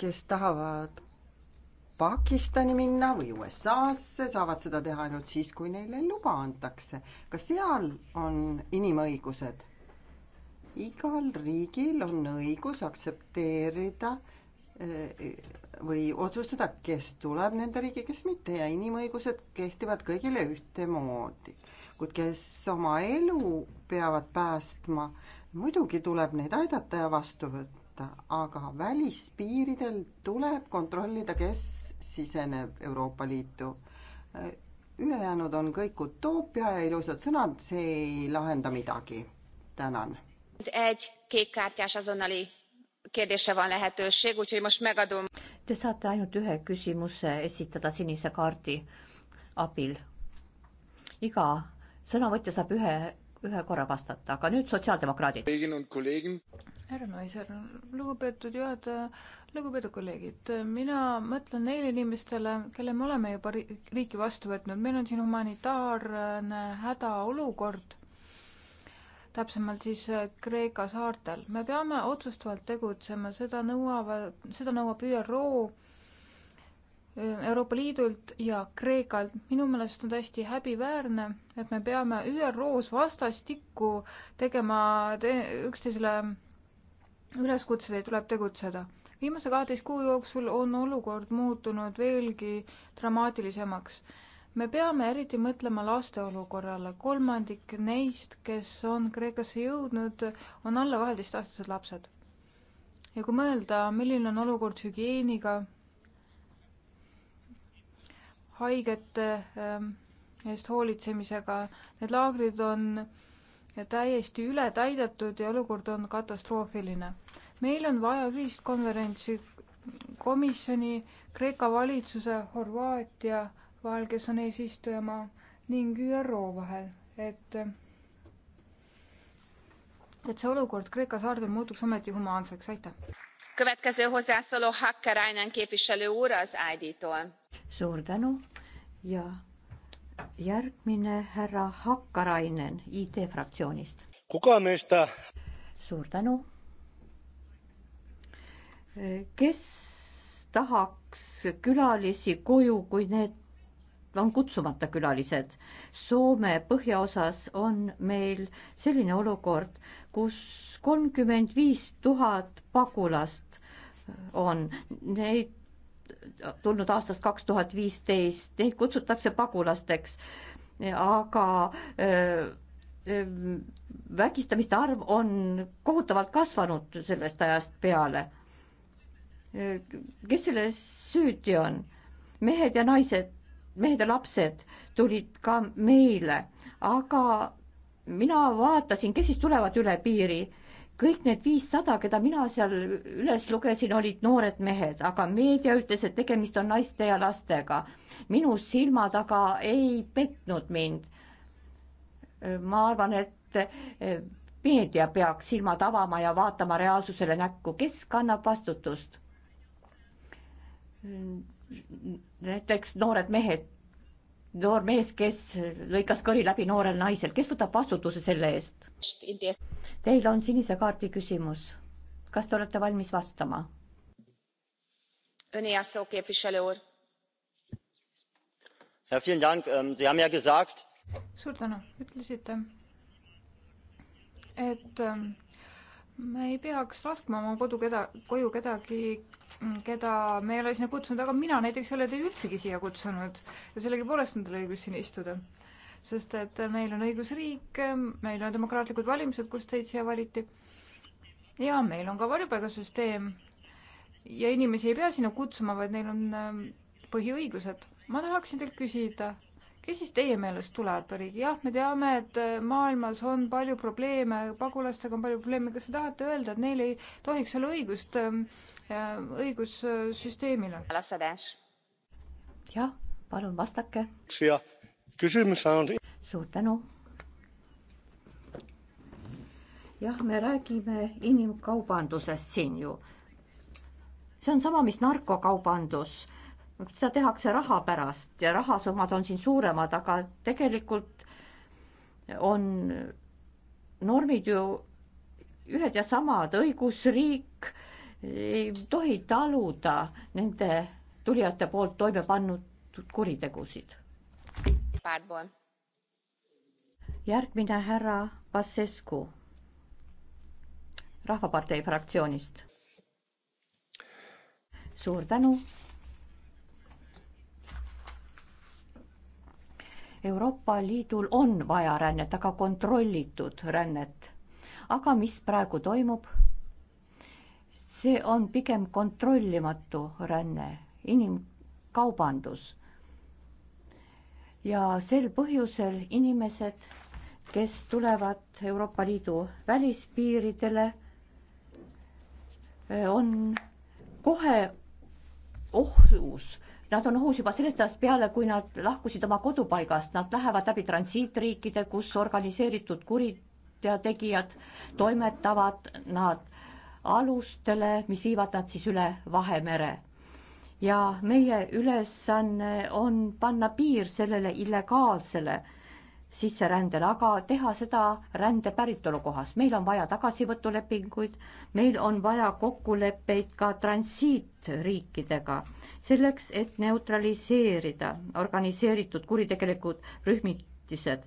kes tahavad Pakistani minna või USA-sse, saavad seda teha ainult siis, kui neile luba antakse. ka seal on inimõigused. igal riigil on õigus aktsepteerida eh, või otsustada, kes tuleb nende riigi, kes mitte ja inimõigused kehtivad kõigile ühtemoodi. kuid kes oma elu peavad päästma, muidugi tuleb neid aidata ja vastu võtta võtta, aga välispiiridel tuleb kontrollida, kes siseneb Euroopa Liitu. ülejäänud on kõik utoopia ja ilusad sõnad, see ei lahenda midagi. tänan. Te saate ainult ühe küsimuse esitada sinise kaardi abil. iga sõnavõtja saab ühe ühe korra vastata, aga nüüd sotsiaaldemokraadid härra Naiser, lugupeetud juhataja, lugupeetud kolleegid, mina mõtlen neile inimestele, kelle me oleme juba riiki vastu võtnud, meil on siin humanitaarne hädaolukord, täpsemalt siis Kreeka saartel. me peame otsustavalt tegutsema, seda nõuavad, seda nõuab ÜRO, Euroopa Liidult ja Kreekalt. minu meelest on täiesti häbiväärne, et me peame ÜRO-s vastastikku tegema te üksteisele üleskutseid tuleb tegutseda. viimase kaheteist kuu jooksul on olukord muutunud veelgi dramaatilisemaks. me peame eriti mõtlema laste olukorrale. kolmandik neist, kes on Kreekasse jõudnud, on alla kaheteistaastased lapsed. ja kui mõelda, milline on olukord hügieeniga, haigete ehm, eest hoolitsemisega, need laagrid on täiesti ületäidetud ja olukord on katastroofiline. meil on vaja ühist konverentsi komisjoni, Kreeka valitsuse, Horvaatia vahel, kes on eesistujamaa, ning ÜRO vahel, et et see olukord Kreeka saartel muutuks ometi humaanseks, aitäh. suur tänu ja järgmine härra Hakkarainen ID fraktsioonist. kuka meista? suur tänu. kes tahaks külalisi koju, kui need on kutsumata külalised. Soome põhjaosas on meil selline olukord, kus kolmkümmend viis tuhat pagulast on, neid tulnud aastast kaks tuhat viisteist, neid kutsutakse pagulasteks, aga äh, äh, vägistamiste arv on kohutavalt kasvanud sellest ajast peale. kes selles süüdi on? mehed ja naised, mehed ja lapsed tulid ka meile, aga mina vaatasin, kes siis tulevad üle piiri kõik need viissada, keda mina seal üles lugesin, olid noored mehed, aga meedia ütles, et tegemist on naiste ja lastega. minu silmad aga ei petnud mind. ma arvan, et eh, meedia peaks silmad avama ja vaatama reaalsusele näkku, kes kannab vastutust. näiteks noored mehed noor mees, kes lõikas kõri läbi noorel naisel, kes võtab vastutuse selle eest? Teil on sinise kaardi küsimus. kas te olete valmis vastama? Ähm, suur tänu, ütlesite, et ähm, me ei peaks laskma oma kodu keda, koju kedagi, keda me ei ole sinna kutsunud, aga mina näiteks ei ole teid üldsegi siia kutsunud ja sellegipoolest on teil õigus siin istuda. sest et meil on õigusriik, meil on demokraatlikud valimised, kus teid siia valiti. ja meil on ka varjupaigasüsteem ja inimesi ei pea sinna kutsuma, vaid neil on ähm, põhiõigused. ma tahaksin teilt küsida kes siis teie meelest tuleb riigi? jah, me teame, et äh, maailmas on palju probleeme, pagulastega on palju probleeme, kas te tahate öelda, et neil ei tohiks olla õigust ähm, õigussüsteemile? jah, palun vastake. suur tänu. jah, me räägime inimkaubandusest siin ju. see on sama, mis narkokaubandus seda tehakse raha pärast ja rahasummad on siin suuremad, aga tegelikult on normid ju ühed ja samad, õigusriik ei tohi taluda nende tulijate poolt toime pannud kuritegusid. järgmine härra Vassescu Rahvapartei fraktsioonist. suur tänu Euroopa Liidul on vaja rännet, aga kontrollitud rännet. aga mis praegu toimub? see on pigem kontrollimatu ränne, inimkaubandus. ja sel põhjusel inimesed, kes tulevad Euroopa Liidu välispiiridele, on kohe ohus Nad on ohus juba sellest ajast peale, kui nad lahkusid oma kodupaigast, nad lähevad läbi transiitriikide, kus organiseeritud kuriteotegijad toimetavad nad alustele, mis viivad nad siis üle Vahemere. ja meie ülesanne on panna piir sellele illegaalsele sisserändel, aga teha seda rände päritolu kohas. meil on vaja tagasivõtulepinguid, meil on vaja kokkuleppeid ka transiitriikidega selleks, et neutraliseerida organiseeritud kuritegelikud rühmitised.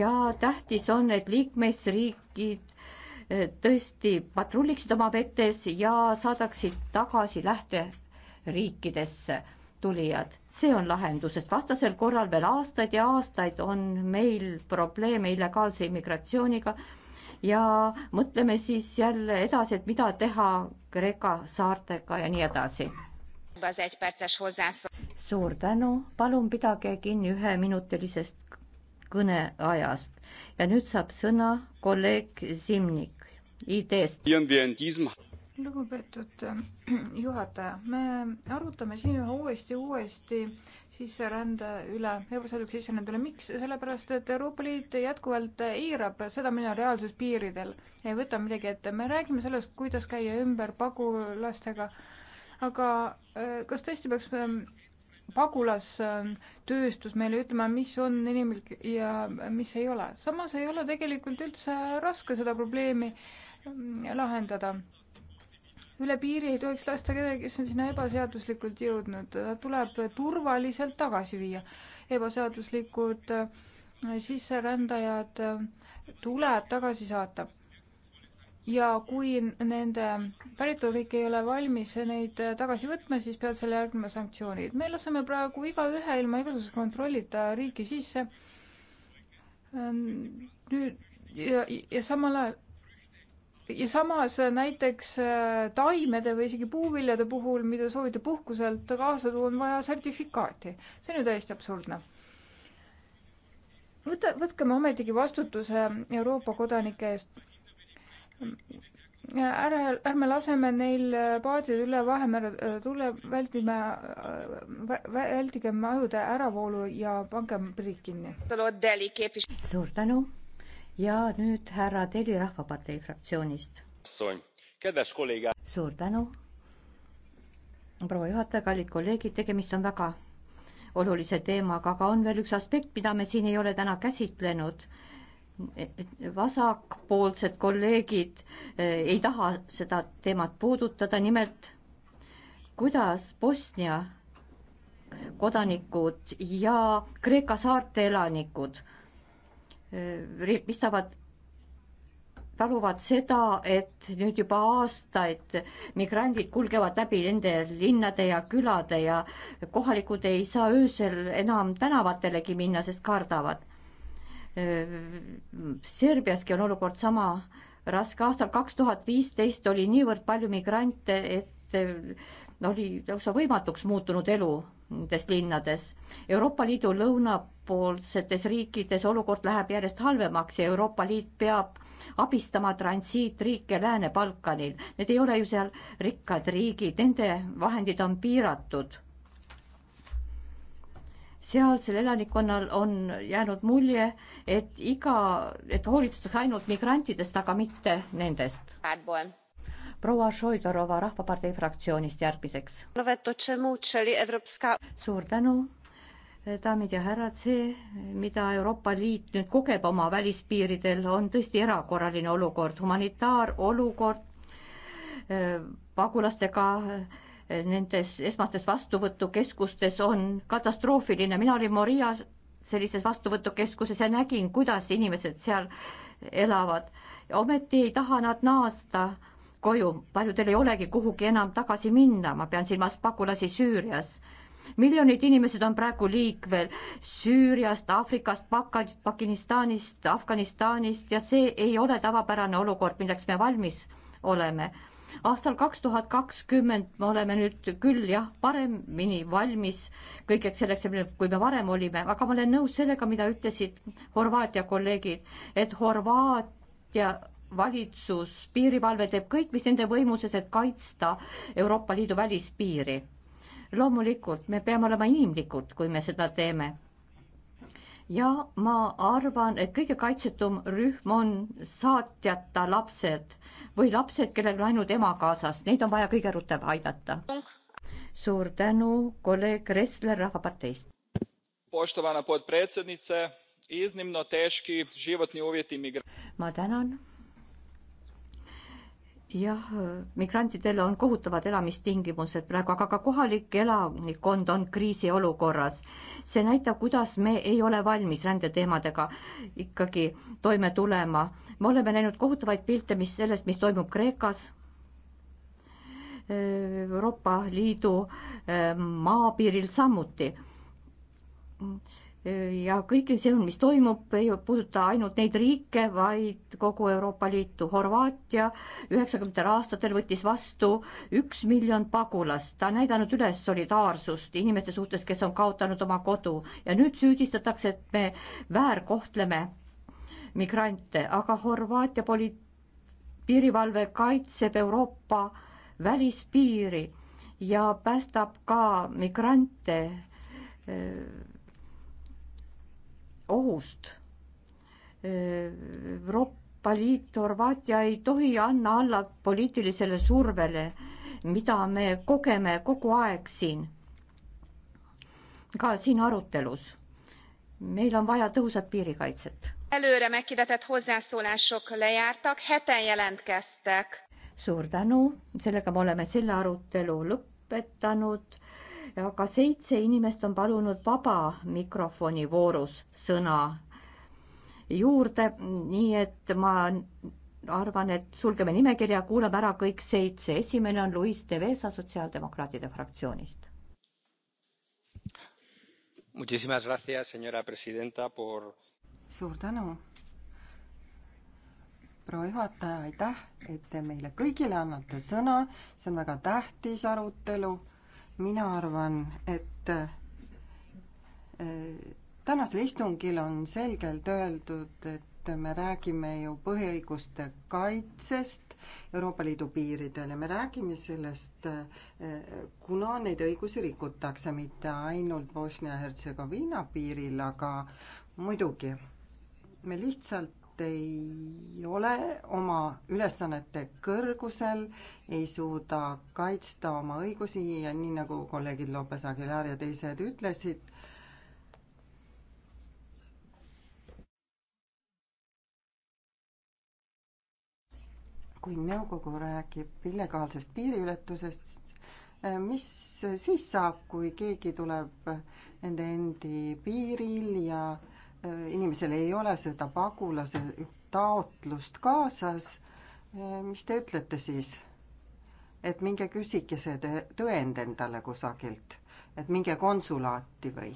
ja tähtis on, et liikmesriigid eh, tõesti patrulliksid oma vetes ja saadaksid tagasi lähteriikidesse tulijad. see on lahendus, sest vastasel korral veel aastaid ja aastaid on meil probleeme illegaalse immigratsiooniga ja mõtleme siis jälle edasi, et mida teha Kreeka saartega ja nii edasi. suur tänu, palun pidage kinni üheminutilisest kõneajast ja nüüd saab sõna kolleeg Simnik ID-st lugupeetud äh, juhataja, me arutame siin üha uuesti, uuesti sisserände üle, ebaseadusliku sisserände üle, miks? sellepärast, et Euroopa Liit jätkuvalt eirab seda, milline on reaalsus piiridel. ei võta midagi ette, me räägime sellest, kuidas käia ümber pagulastega, aga äh, kas tõesti peaks ähm, pagulastööstus meile ütlema, mis on inimlik ja mis ei ole. samas ei ole tegelikult üldse raske seda probleemi ähm, lahendada üle piiri ei tohiks lasta kedagi, kes on sinna ebaseaduslikult jõudnud, ta tuleb turvaliselt tagasi viia. ebaseaduslikud äh, sisserändajad äh, tuleb tagasi saata. ja kui nende päritoluriik ei ole valmis neid äh, tagasi võtma, siis peavad selle järgnema sanktsioonid. me laseme praegu igaühe ilma igasuguse kontrollita riiki sisse. nüüd ja, ja samal ajal ja samas äh, näiteks äh, taimede või isegi puuviljade puhul, mida soovite puhkuselt kaasa tuua, on vaja sertifikaati. see on ju täiesti absurdne. võta, võtkem ometigi vastutuse Euroopa kodanike eest. Äh, ära, ärme laseme neil paadid üle Vahemere tule, väldime, väldigem ajude äravoolu ja pangem priik kinni. suur tänu ja nüüd härra Teli Rahvapartei fraktsioonist. suur tänu. proua juhataja, kallid kolleegid, tegemist on väga olulise teemaga, aga on veel üks aspekt, mida me siin ei ole täna käsitlenud. vasakpoolsed kolleegid eh, ei taha seda teemat puudutada, nimelt kuidas Bosnia kodanikud ja Kreeka saarte elanikud pistavad, äh, taluvad seda, et nüüd juba aastaid migrandid kulgevad läbi nende linnade ja külade ja kohalikud ei saa öösel enam tänavatelegi minna, sest kardavad. Äh, Serbiaski on olukord sama raske, aastal kaks tuhat viisteist oli niivõrd palju migrante, et äh, oli lausa võimatuks muutunud elu nendes linnades. Euroopa Liidu lõunapoolsetes riikides olukord läheb järjest halvemaks ja Euroopa Liit peab abistama transiitriike Lääne-Balkanil. Need ei ole ju seal rikkad riigid, nende vahendid on piiratud. sealsel elanikkonnal on jäänud mulje, et iga, et hoolitsetakse ainult migrantidest, aga mitte nendest. Bad boy proua Šoidorova Rahvapartei fraktsioonist järgmiseks. suur tänu, daamid ja härrad, see, mida Euroopa Liit nüüd kogeb oma välispiiridel, on tõesti erakorraline olukord, humanitaarolukord, eh, pagulastega eh, nendes esmastes vastuvõtukeskustes on katastroofiline, mina olin Morias sellises vastuvõtukeskuses ja nägin, kuidas inimesed seal elavad. ometi ei taha nad naasta koju, paljudel ei olegi kuhugi enam tagasi minna, ma pean silmas pagulasi Süürias. miljonid inimesed on praegu liikvel Süüriast, Aafrikast, Pakistanist, Afganistanist ja see ei ole tavapärane olukord, milleks me valmis oleme. aastal kaks tuhat kakskümmend me oleme nüüd küll jah, paremini valmis kõigeks selleks, kui me varem olime, aga ma olen nõus sellega, mida ütlesid Horvaatia kolleegid, et Horvaatia valitsus, piirivalve teeb kõik, mis nende võimuses, et kaitsta Euroopa Liidu välispiiri. loomulikult me peame olema inimlikud, kui me seda teeme. ja ma arvan, et kõige kaitsetum rühm on saatjata lapsed või lapsed, kellel on ainult ema kaasas, neid on vaja kõige rutem aidata. suur tänu, kolleeg Ressler Rahvaparteist. poštovana podpredsednice, iznimno teški životni uvjeti migra-. ma tänan jah, migrantidel on kohutavad elamistingimused praegu, aga ka kohalik elanikkond on kriisiolukorras. see näitab, kuidas me ei ole valmis rändeteemadega ikkagi toime tulema. me oleme näinud kohutavaid pilte, mis sellest, mis toimub Kreekas, Euroopa Liidu eh, maapiiril samuti ja kõik sõnum, mis toimub, ei puuduta ainult neid riike, vaid kogu Euroopa Liitu. Horvaatia üheksakümnendatel aastatel võttis vastu üks miljon pagulast, ta on näidanud üles solidaarsust inimeste suhtes, kes on kaotanud oma kodu ja nüüd süüdistatakse, et me väärkohtleme migrante, aga Horvaatia poli-, piirivalve kaitseb Euroopa välispiiri ja päästab ka migrante öö, ohust. Euroopa Liit, Horvaatia ei tohi anna alla poliitilisele survele, mida me kogeme kogu aeg siin, ka siin arutelus. meil on vaja tõhusat piirikaitset. előre meghirdetett hozzászólások lejártak, heten jelentkeztek. suur tänu, sellega me oleme selle arutelu lõpetanud aga seitse inimest on palunud vaba mikrofoni voorus sõna juurde, nii et ma arvan, et sulgeme nimekirja, kuulame ära kõik seitse. esimene on Luis Devesa Sotsiaaldemokraatide fraktsioonist. Por... suur tänu, proua juhataja, aitäh, et te meile kõigile annate sõna, see on väga tähtis arutelu mina arvan, et äh, tänasel istungil on selgelt öeldud, et me räägime ju põhiõiguste kaitsest Euroopa Liidu piiridel ja me räägime sellest, äh, kuna neid õigusi rikutakse mitte ainult Bosnia-Hertsegoviina piiril, aga muidugi me lihtsalt ei ole oma ülesannete kõrgusel, ei suuda kaitsta oma õigusi ja nii nagu kolleegid Lopes Aguilar ja teised ütlesid, kui nõukogu räägib illegaalsest piiriületusest, mis siis saab, kui keegi tuleb nende endi piiril ja äh, Äh, inimesel ei ole seda pagulase taotlust kaasas, äh, mis te ütlete siis? et minge küsige see tõend endale kusagilt, et minge konsulaati või?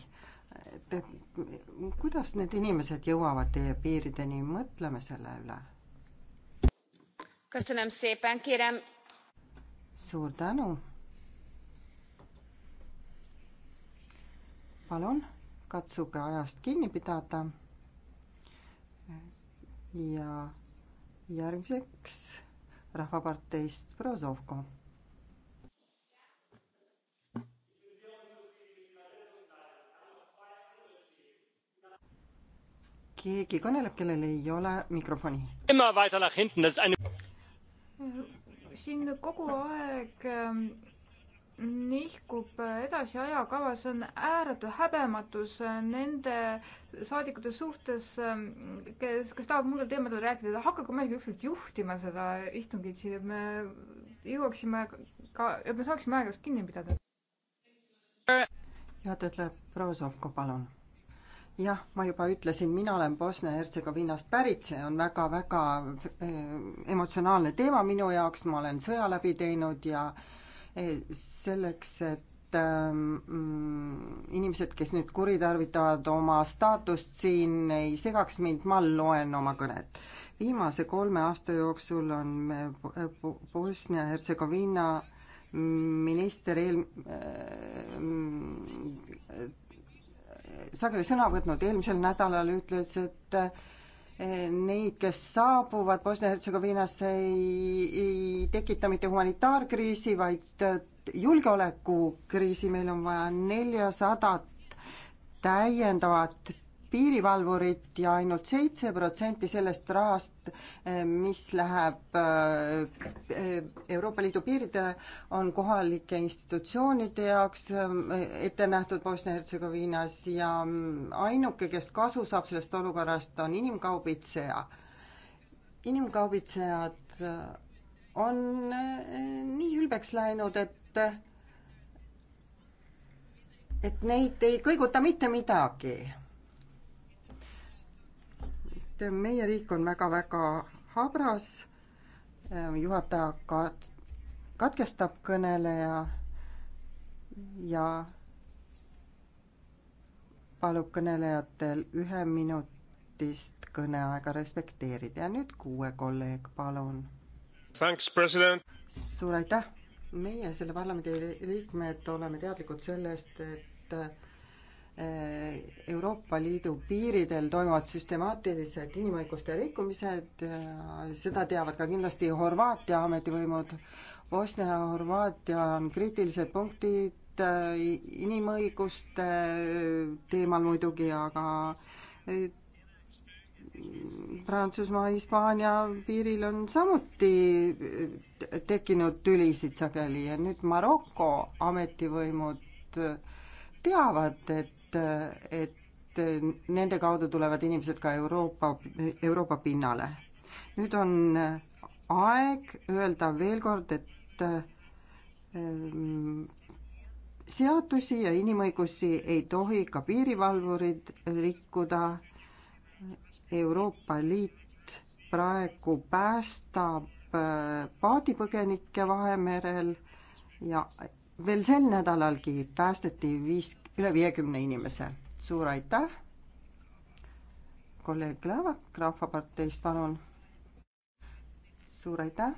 et, et kuidas need inimesed jõuavad teie piirideni, mõtleme selle üle. suur tänu. palun katsuge ajast kinni pidada. ja järgmiseks Rahvaparteist proua Zovko. keegi kõneleb, kellel ei ole mikrofoni. siin kogu aeg ähm, nihkub edasi ajakavas, on ääretu häbematus nende saadikute suhtes, kes, kes tahavad muudel teemadel rääkida, hakake muidugi ükskord juhtima seda istungit siin, et me jõuaksime ka, et me saaksime aegast kinni pidada. head ütleb proua Sovko, palun jah, ma juba ütlesin, mina olen Bosnia-Hertsegoviinast pärit, see on väga-väga eh, emotsionaalne teema minu jaoks, ma olen sõja läbi teinud ja äh, selleks, et mm, inimesed, kes nüüd kuritarvitavad oma staatust siin, ei segaks mind, ma loen oma kõnet. viimase kolme aasta jooksul on Bosnia-Hertsegoviina minister eel- äh,, sageli sõna võtnud, eelmisel nädalal ütles, et neid, kes saabuvad Bosnia-Hertsegoviinasse, ei, ei tekita mitte humanitaarkriisi, vaid äh, julgeolekukriisi, meil on vaja neljasadat täiendavat piirivalvurit ja ainult seitse protsenti sellest rahast, eh, mis läheb eh, Euroopa Liidu piiridele, on kohalike institutsioonide jaoks eh, ette nähtud Bosnia-Hertsegoviinas ja mm, ainuke, kes kasu saab sellest olukorrast, on inimkaubitseja. inimkaubitsejad on nii ülbeks läinud, et et neid ei kõiguta mitte midagi et meie riik on väga-väga habras, juhataja kat-, katkestab kõneleja ja palub kõnelejatel üheminutist kõneaega respekteerida ja nüüd kuue kolleeg, palun. suur aitäh, meie selle parlamendi liikmed oleme teadlikud sellest, et Äh, Euroopa Liidu piiridel toimuvad süstemaatilised inimõiguste rikkumised, seda teavad ka kindlasti Horvaatia ametivõimud. Bosnia ja Horvaatia on kriitilised punktid äh, inimõiguste äh, teemal muidugi, aga Prantsusmaa, Hispaania piiril on samuti tekkinud tülisid sageli ja nüüd Maroko ametivõimud teavad, et et nende kaudu tulevad inimesed ka Euroopa, Euroopa pinnale. nüüd on aeg öelda veel kord, et ehm, seadusi ja inimõigusi ei tohi ka piirivalvurid rikkuda. Euroopa Liit praegu päästab ehm, paadipõgenikke Vahemerel ja veel sel nädalalgi päästeti viis üle viiekümne inimese. suur aitäh. kolleeg Lävak Rahvaparteist, palun. suur aitäh.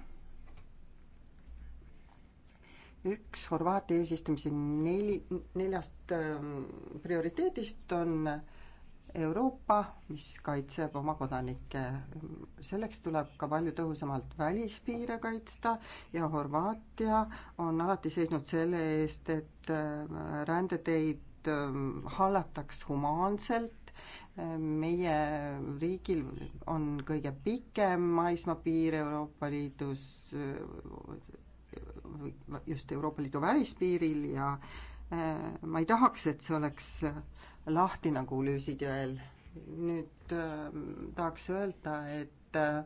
üks Horvaatia eesistumise neli, neljast ähm, prioriteedist on äh, Euroopa, mis kaitseb oma kodanikke. selleks tuleb ka palju tõhusamalt välispiire kaitsta ja Horvaatia on alati seisnud selle eest, et äh, rändeteid ähm, hallataks humaanselt. meie riigil on kõige pikem maismaapiir Euroopa Liidus, äh, just Euroopa Liidu välispiiril ja äh, ma ei tahaks, et see oleks lahti nagu Lüüsidjõel. nüüd äh, tahaks öelda, et äh,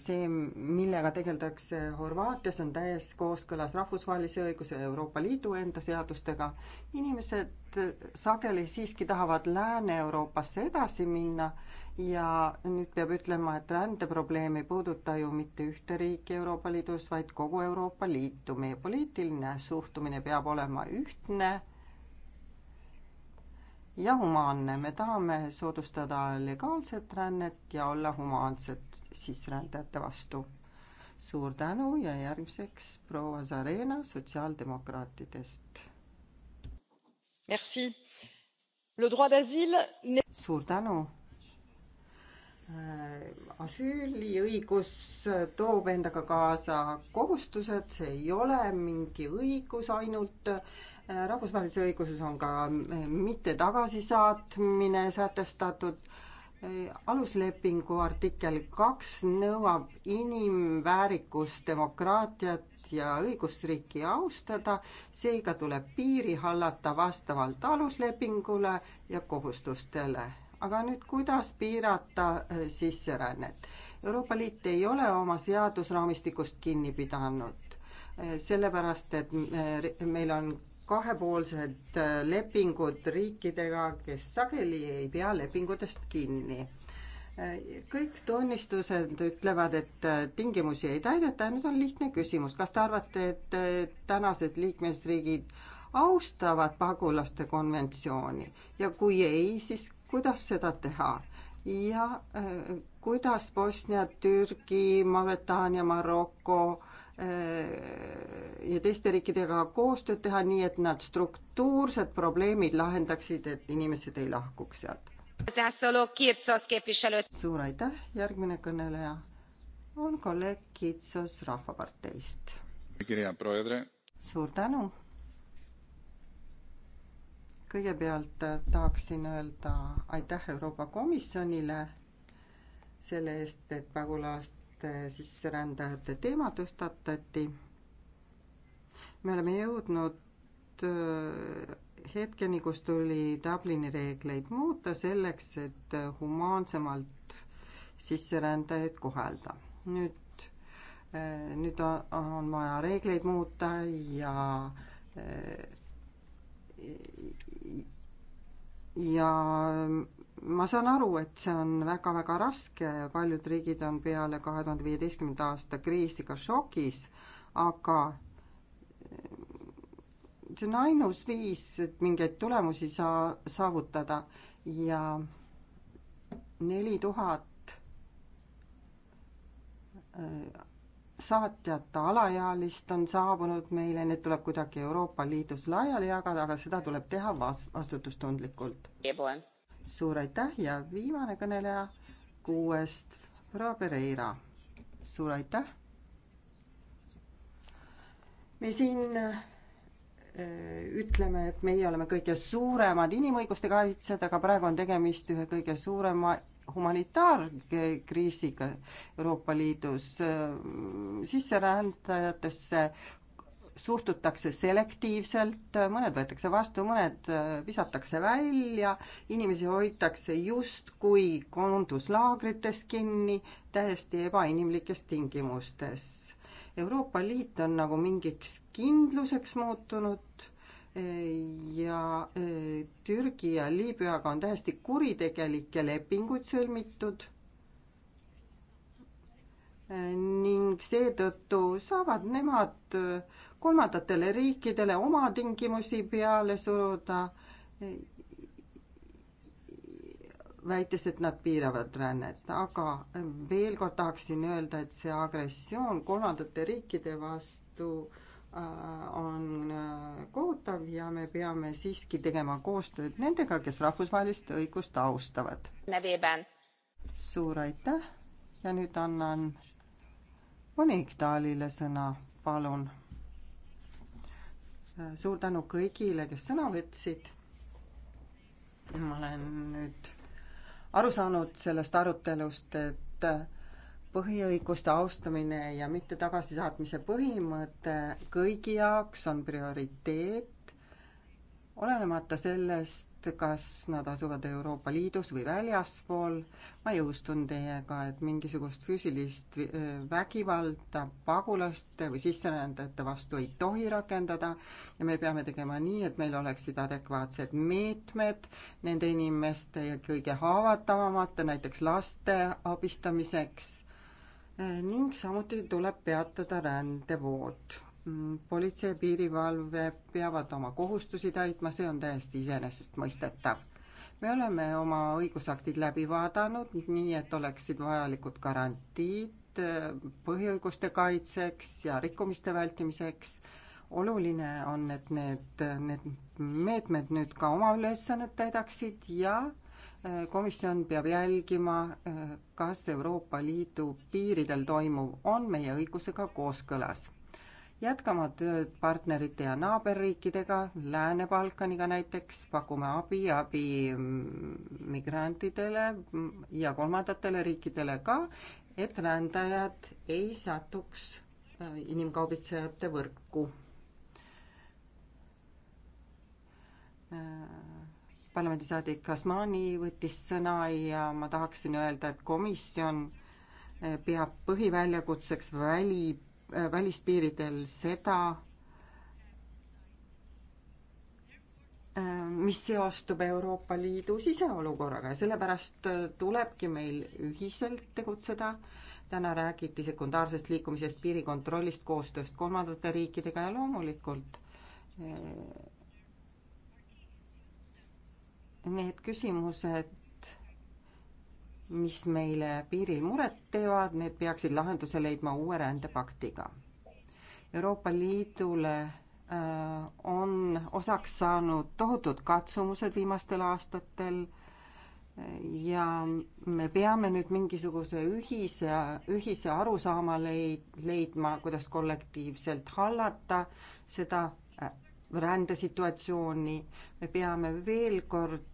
see, millega tegeldakse Horvaatias, on täies kooskõlas rahvusvahelise õiguse ja Euroopa Liidu enda seadustega. inimesed äh, sageli siiski tahavad Lääne-Euroopasse edasi minna ja nüüd peab ütlema, et rändeprobleem ei puuduta ju mitte ühte riiki Euroopa Liidus, vaid kogu Euroopa Liitu. meie poliitiline suhtumine peab olema ühtne ja humaanne, me tahame soodustada legaalset rännet ja olla humaansed sisserändajate vastu. suur tänu ja järgmiseks proua Zarena sotsiaaldemokraatidest. suur tänu äh, asüüliõigus toob endaga kaasa kohustused, see ei ole mingi õigus ainult, rahvusvahelises õiguses on ka mitte tagasisaatmine sätestatud, aluslepingu artikkel kaks nõuab inimväärikust, demokraatiat ja õigusriiki austada, seega tuleb piiri hallata vastavalt aluslepingule ja kohustustele. aga nüüd, kuidas piirata äh, sisserännet? Euroopa Liit ei ole oma seadusraamistikust kinni pidanud äh, sellepärast, et äh, meil on kahepoolsed äh, lepingud riikidega, kes sageli ei pea lepingutest kinni. Äh, kõik tunnistused ütlevad, et äh, tingimusi ei täideta ja nüüd on lihtne küsimus, kas te arvate, et tänased liikmesriigid austavad pagulaste konventsiooni ja kui ei, siis kuidas seda teha? ja kuidas Bosnia, Türgi, Mauritaania, Maroko Äh, ja teiste riikidega koostööd teha, nii et nad struktuursed probleemid lahendaksid, et inimesed ei lahkuks sealt. suur aitäh, järgmine kõneleja on kolleeg Kitsos Rahvaparteist. suur tänu. kõigepealt äh, tahaksin öelda aitäh Euroopa Komisjonile selle eest, et pagulast et äh, sisserändajate teema tõstatati. me oleme jõudnud äh, hetkeni, kus tuli Dublini reegleid muuta selleks, et äh, humaansemalt sisserändajaid kohelda. nüüd, nüüd on vaja reegleid muuta ja ja ma saan aru, et see on väga-väga raske ja paljud riigid on peale kahe tuhande viieteistkümnenda aasta kriisi ka šokis, aga see on ainus viis, et mingeid tulemusi saa, saavutada ja neli tuhat äh, saatjat alaealist on saabunud meile, need tuleb kuidagi Euroopa Liidus laiali jagada, aga seda tuleb teha vastutustundlikult. Eepoe suur aitäh ja viimane kõneleja kuuest, proua Pereira, suur aitäh. me siin äh, ütleme, et meie oleme kõige suuremad inimõiguste kaitsjad, aga praegu on tegemist ühe kõige suurema humanitaarkriisiga Euroopa Liidus äh, sisserändajatesse suhtutakse selektiivselt, mõned võetakse vastu, mõned äh, visatakse välja, inimesi hoitakse justkui koonduslaagrites kinni täiesti ebainimlikes tingimustes. Euroopa Liit on nagu mingiks kindluseks muutunud äh, ja äh, Türgi ja Liibüaga on täiesti kuritegelikke lepinguid sõlmitud ning seetõttu saavad nemad kolmandatele riikidele oma tingimusi peale suruda, väites, et nad piiravad rännet, aga veel kord tahaksin öelda, et see agressioon kolmandate riikide vastu äh, on äh, kohutav ja me peame siiski tegema koostööd nendega, kes rahvusvahelist õigust austavad. suur aitäh ja nüüd annan Ponikdaalile sõna, palun. suur tänu kõigile, kes sõna võtsid. ma olen nüüd aru saanud sellest arutelust, et põhiõiguste austamine ja mitte tagasisaatmise põhimõte kõigi jaoks on prioriteet, olenemata sellest, kas nad asuvad Euroopa Liidus või väljaspool. ma jõustun teiega, et mingisugust füüsilist äh, vägivalda pagulaste või sisserändajate vastu ei tohi rakendada ja me peame tegema nii, et meil oleksid adekvaatsed meetmed nende inimeste ja kõige haavatavamate, näiteks laste abistamiseks äh, ning samuti tuleb peatada rändevood Mm, politsei ja piirivalve peavad oma kohustusi täitma, see on täiesti iseenesestmõistetav. me oleme oma õigusaktid läbi vaadanud, nii et oleksid vajalikud garantiid eh, põhiõiguste kaitseks ja rikkumiste vältimiseks. oluline on, et need, need meetmed nüüd ka oma ülesannet täidaksid ja eh, komisjon peab jälgima, eh, kas Euroopa Liidu piiridel toimuv on meie õigusega kooskõlas jätkama tööd partnerite ja naaberriikidega, Lääne-Balkaniga näiteks, pakume abi, abi migrantidele ja kolmandatele riikidele ka, et rändajad ei satuks äh, inimkaubitsejate võrku. Äh, parlamendisaadik Kasmani võttis sõna ja ma tahaksin öelda, et komisjon äh, peab põhiväljakutseks väli Äh, välispiiridel seda, äh, mis seostub Euroopa Liidu siseolukorraga ja sellepärast äh, tulebki meil ühiselt tegutseda. täna räägiti sekundaarsest liikumisest, piirikontrollist, koostööst kolmandate riikidega ja loomulikult need küsimused mis meile piiril muret teevad, need peaksid lahenduse leidma uue rändepaktiga. Euroopa Liidule äh, on osaks saanud tohutud katsumused viimastel aastatel äh, ja me peame nüüd mingisuguse ühise, ühise arusaama leid-, leidma, kuidas kollektiivselt hallata seda äh, rändesituatsiooni, me peame veel kord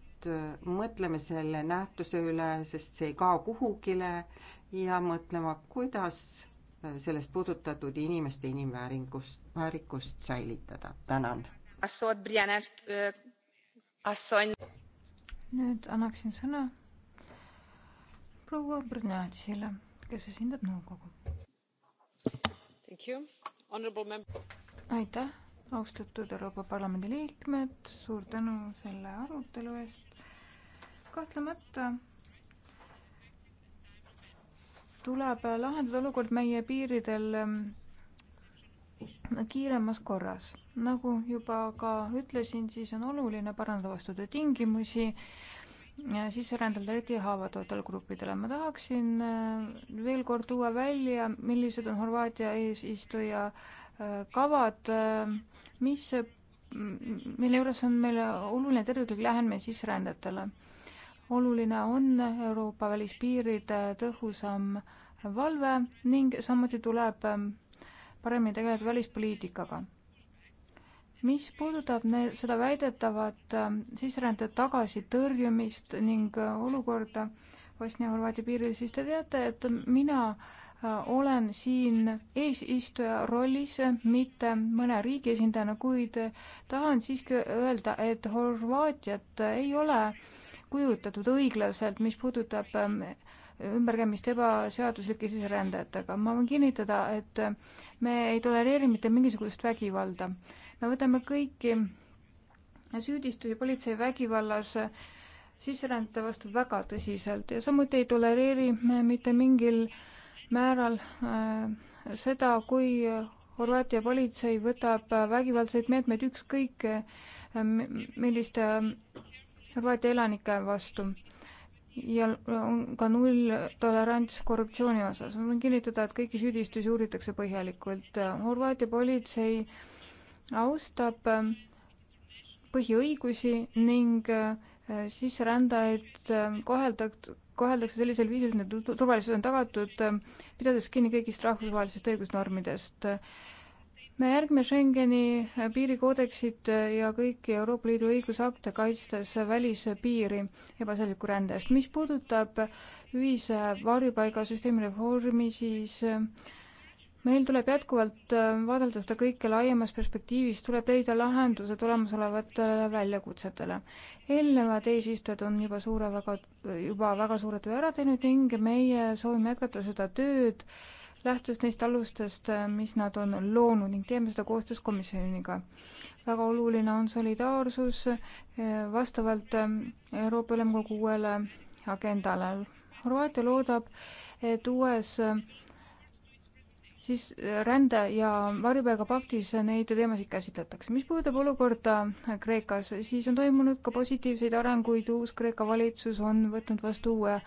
mõtleme selle nähtuse üle, sest see ei kao kuhugile ja mõtlema, kuidas sellest puudutatud inimeste inimväärikust, väärikust säilitada. tänan. nüüd annaksin sõna proua Brnjatsile, kes esindab nõukogu. aitäh, austatud Euroopa Parlamendi liikmed, suur tänu selle arutelu eest kahtlemata tuleb lahendada olukord meie piiridel kiiremas korras. nagu juba ka ütlesin, siis on oluline parandada vastutöö tingimusi sisserändajate eriti haavatavatele gruppidele. ma tahaksin äh, veel kord tuua välja, millised on Horvaatia eesistuja äh, kavad, äh, mis, mille juures on meile oluline terviklik lähenemine sisserändajatele oluline on Euroopa välispiiride tõhusam valve ning samuti tuleb paremini tegeleda välispoliitikaga. mis puudutab seda väidetavat äh, sisserände tagasitõrjumist ning äh, olukorda Bosnia-Horvaatia piiril, siis te teate, et mina äh, olen siin eesistuja rollis, mitte mõne riigi esindajana, kuid tahan siiski öelda, et Horvaatiat ei ole äh, kujutatud õiglaselt, mis puudutab ähm, ümberkäimist ebaseaduslike siserändajatega. ma võin kinnitada, et me ei tolereeri mitte mingisugust vägivalda. me võtame kõiki süüdistusi politsei vägivallas sisserändajate vastu väga tõsiselt ja samuti ei tolereeri me mitte mingil määral äh, seda, kui Horvaatia politsei võtab vägivaldseid meetmeid ükskõik äh, milliste Horvaatia elanike vastu ja on ka nulltolerants korruptsiooni osas. ma võin kinnitada, et kõiki süüdistusi uuritakse põhjalikult. Horvaatia politsei austab ähm, põhiõigusi ning äh, sisserändajaid ähm, koheldakse, koheldakse sellisel viisil, et nende turvalisus on tagatud, ähm, pidades kinni kõigist rahvusvahelistest õigusnormidest me järgime Schengeni piirikoodeksit ja kõiki Euroopa Liidu õigusakte, kaitstes välispiiri ebaseadusliku rände eest. mis puudutab ühise varjupaigasüsteemi reformi, siis meil tuleb jätkuvalt vaadelda seda kõike laiemas perspektiivis, tuleb leida lahendused olemasolevatele väljakutsetele. eelnevad eesistujad on juba suure väga, juba väga suure töö ära teinud ning meie soovime jätkata seda tööd lähtudes neist alustest, äh, mis nad on loonud ning teeme seda koostöös komisjoniga. väga oluline on solidaarsus äh, vastavalt äh, Euroopa Ülemkogu uuele agendale. Horvaatia loodab, et uues siis rände ja varjupaigapaktis neid teemasid käsitletakse. mis puudutab olukorda Kreekas, siis on toimunud ka positiivseid arenguid, uus Kreeka valitsus on võtnud vastu uue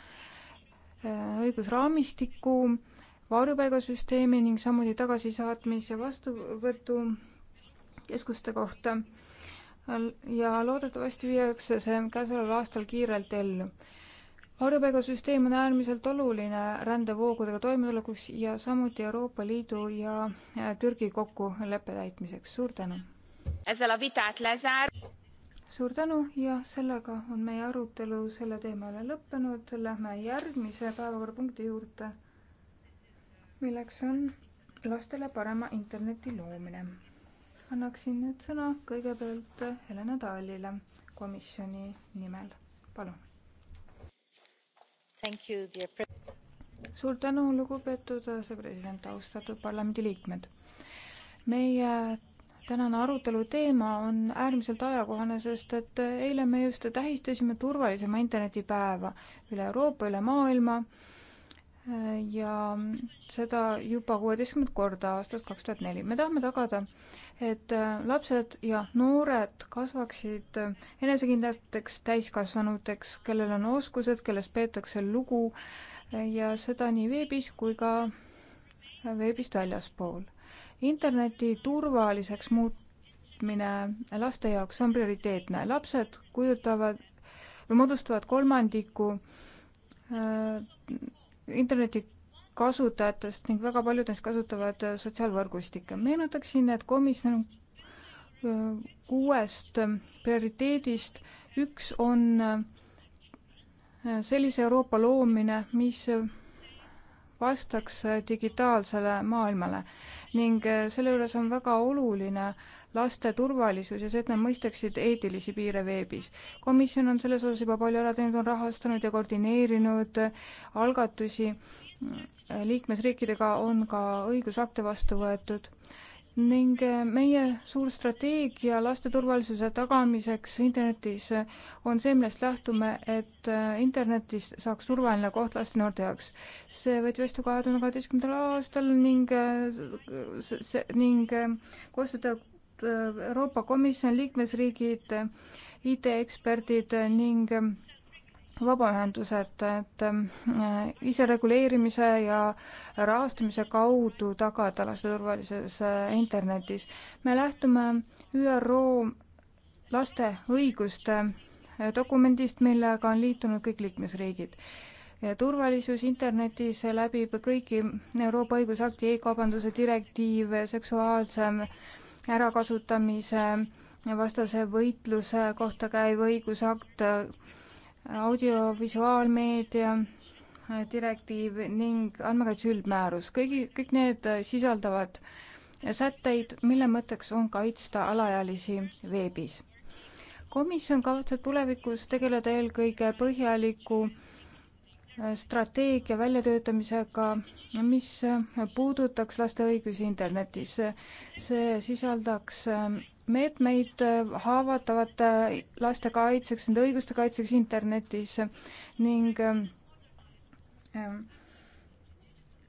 õigusraamistiku varjupaigasüsteemi ning samuti tagasisaatmise vastuvõtukeskuste kohta ja loodetavasti viiakse see käesoleval aastal kiirelt ellu. varjupaigasüsteem on äärmiselt oluline rändevoogudega toimetulekuks ja samuti Euroopa Liidu ja äh, Türgi kokkuleppe täitmiseks. suur tänu! suur tänu ja sellega on meie arutelu selle teema üle lõppenud, lähme järgmise päevakorrapunkti juurde milleks on lastele parema interneti loomine. annaksin nüüd sõna kõigepealt Helena Talile komisjoni nimel, palun. suur tänu, lugupeetud asepresident, austatud parlamendiliikmed. meie tänane arutelu teema on äärmiselt ajakohane, sest et eile me just tähistasime turvalisema internetipäeva üle Euroopa, üle maailma ja seda juba kuueteistkümnendat korda aastast kaks tuhat neli. me tahame tagada, et äh, lapsed ja noored kasvaksid enesekindlateks täiskasvanuteks, kellel on oskused, kellest peetakse lugu ja seda nii veebis kui ka veebist väljaspool. interneti turvaliseks muutmine laste jaoks on prioriteetne. lapsed kujutavad või moodustavad kolmandiku äh, interneti kasutajatest ning väga paljud neist kasutavad äh, sotsiaalvõrgustikke. meenutaksin, et komisjon äh, kuuest äh, prioriteedist üks on sellise Euroopa loomine, mis vastaks digitaalsele maailmale ning selle juures on väga oluline äh, laste turvalisus ja see, et nad mõistaksid eetilisi piire veebis. komisjon on selles osas juba palju ära teinud, on rahastanud ja koordineerinud algatusi, liikmesriikidega on ka õigusakte vastu võetud ning eh, meie suur strateegia laste turvalisuse tagamiseks internetis on see, millest lähtume, et eh, internetis saaks turvaline koht laste noorte jaoks. see võeti vastu kahe tuhande kaheteistkümnendal aastal ning eh, see ning koostöötaja Äh, Euroopa Komisjon, liikmesriigid, IT-eksperdid ning äh, vabaühendused, et äh, isereguleerimise ja rahastamise kaudu tagada laste turvalisus internetis. me lähtume ÜRO laste õiguste dokumendist, millega on liitunud kõik liikmesriigid. turvalisus internetis läbib kõiki Euroopa õigusakti e, e-kaubanduse direktiive, seksuaalse ärakasutamise vastase võitluse kohta käiv õigusakt, audiovisuaalmeedia direktiiv ning andmekaitse üldmäärus. kõigi, kõik need sisaldavad sätteid, mille mõtteks on kaitsta alaealisi veebis. komisjon kavatseb tulevikus tegeleda eelkõige põhjaliku äh, strateegia väljatöötamisega, mis puudutaks laste õigusi internetis. see sisaldaks meetmeid haavatavate laste kaitseks, nende õiguste kaitseks internetis ning ähm,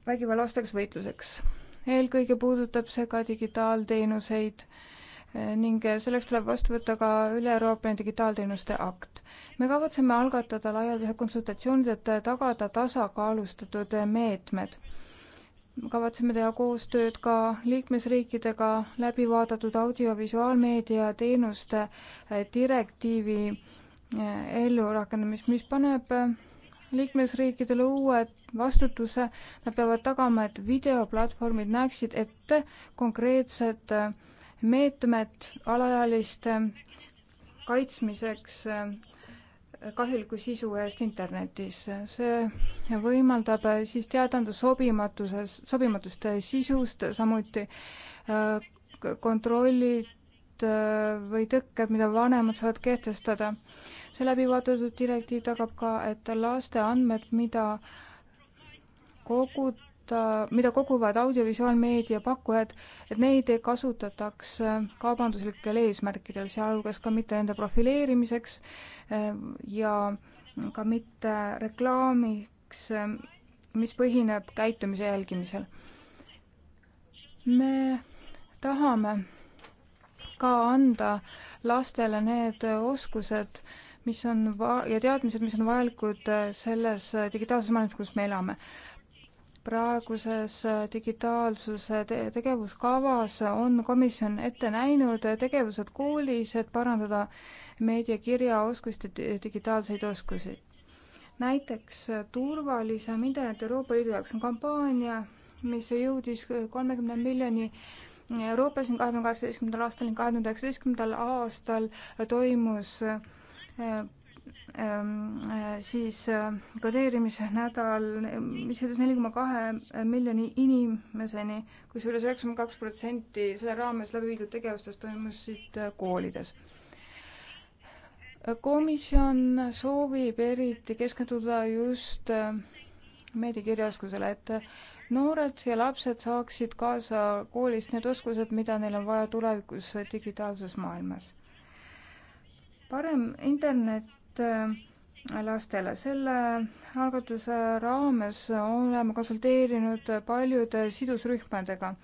vägivalla vastaseks võitluseks. eelkõige puudutab see ka digitaalteenuseid ning selleks tuleb vastu võtta ka üle-Euroopaline digitaalteenuste akt. me kavatseme algatada laialdased konsultatsioonid, et tagada tasakaalustatud meetmed. kavatseme teha koostööd ka liikmesriikidega läbi vaadatud audiovisuaalmeedia teenuste direktiivi ellurakendamist, mis paneb liikmesriikidele uue vastutuse, nad peavad tagama, et videoplatvormid näeksid ette konkreetsed äh, meetmed alaealiste kaitsmiseks eh, kahjuliku sisu eest internetis. see võimaldab eh, siis teada anda sobimatuses, sobimatust sisust, samuti eh, kontrollid või tõkked, mida vanemad saavad kehtestada. see läbivaatatud direktiiv tagab ka, et laste andmed, mida kogutakse, kohta, mida koguvad audiovisuaalmeedia pakkujad, et neid kasutatakse äh, kaubanduslikel eesmärkidel, sealhulgas ka mitte enda profileerimiseks äh, ja ka mitte reklaamiks, äh, mis põhineb käitumise jälgimisel. me tahame ka anda lastele need oskused, mis on va- ja teadmised, mis on vajalikud selles digitaalses maailmas, kus me elame praeguses äh, digitaalsuse tegevuskavas on komisjon ette näinud äh, tegevused koolis, et parandada meediakirjaoskust ja digitaalseid oskusi. näiteks äh, turvalisem internet Euroopa Liidu jaoks on kampaania, mis jõudis kolmekümne miljoni Euroopas kahe tuhande kaheksateistkümnendal aastal ning kahe tuhande üheksateistkümnendal aastal toimus Ehm, eh, siis eh, kodeerimise nädal, mis jõudis neli koma kahe miljoni inimeseni kusjuures, kusjuures üheksakümmend kaks protsenti selle raames läbi viidud tegevustest toimusid eh, koolides. komisjon soovib eriti keskenduda just meediakirjaoskusele, et noored ja lapsed saaksid kaasa koolist need oskused, mida neil on vaja tulevikus digitaalses maailmas. parem internet kaitset äh, lastele. selle algatuse raames oleme konsulteerinud paljude sidusrühmadega,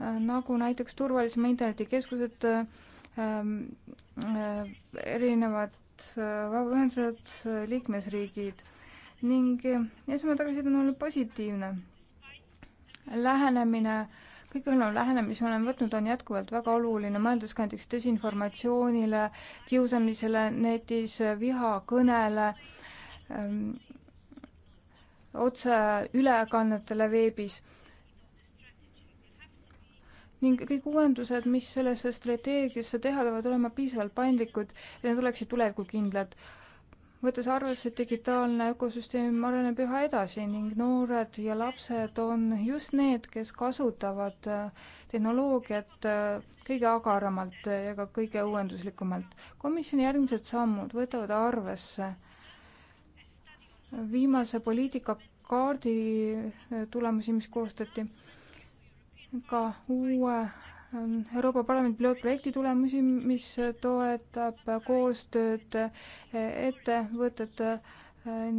äh, nagu näiteks Turvalisema Internetikeskused, äh, erinevad vabaühendused, liikmesriigid ning esimene tagasiside on olnud positiivne. lähenemine äh, kõikehõlmav lähenemine, mis me oleme võtnud, on jätkuvalt väga oluline, mõeldes ka näiteks desinformatsioonile, kiusamisele netis, vihakõnele, ähm, otseülekannetele veebis. ning kõik uuendused, mis sellesse strateegiasse teha, peavad olema piisavalt paindlikud ja need oleksid tulevikukindlad võttes arvesse, et digitaalne ökosüsteem areneb üha edasi ning noored ja lapsed on just need, kes kasutavad äh, tehnoloogiat äh, kõige agaramalt ja ka kõige uuenduslikumalt. komisjoni järgmised sammud võtavad arvesse viimase poliitikakaardi äh, tulemusi, mis koostati, ka uue Euroopa Parlamendi pilootprojekti tulemusi, mis toetab koostööd ettevõtete äh,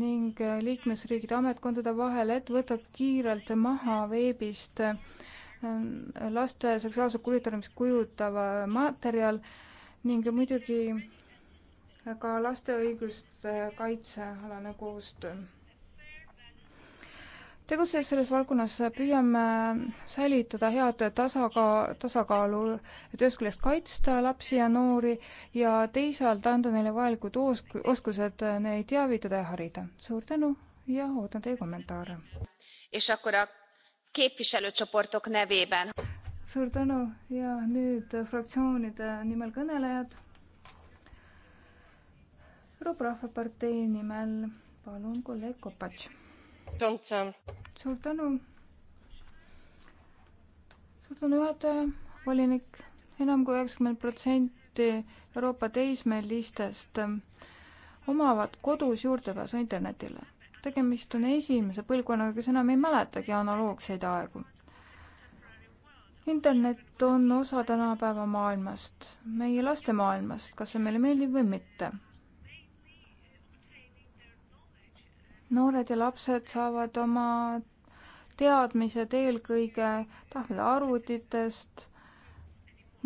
ning liikmesriikide ametkondade vahel, et võtta kiirelt maha veebist äh, laste seksuaalset kuritarvimist kujutav äh, materjal ning muidugi ka laste õiguste kaitsealane koostöö tegutsedes selles valdkonnas püüame säilitada head tasaga, tasakaalu, et ühest küljest kaitsta lapsi ja noori ja teisalt anda neile vajalikud osk-, oskused neid teavitada ja harida. suur tänu ja ootan teie kommentaare. suur tänu ja nüüd fraktsioonide nimel kõnelejad. Euroopa Rahvapartei nimel palun kolleeg Kopatš suur tänu. suur tänu, juhataja, volinik. enam kui üheksakümmend protsenti Euroopa teismelistest omavad kodus juurdepääsu internetile. tegemist on esimese põlvkonnaga, kes enam ei mäletagi analoogseid aegu. internet on osa tänapäeva maailmast, meie laste maailmast, kas see meile meeldib või mitte noored ja lapsed saavad oma teadmised eelkõige tahvelarvutitest,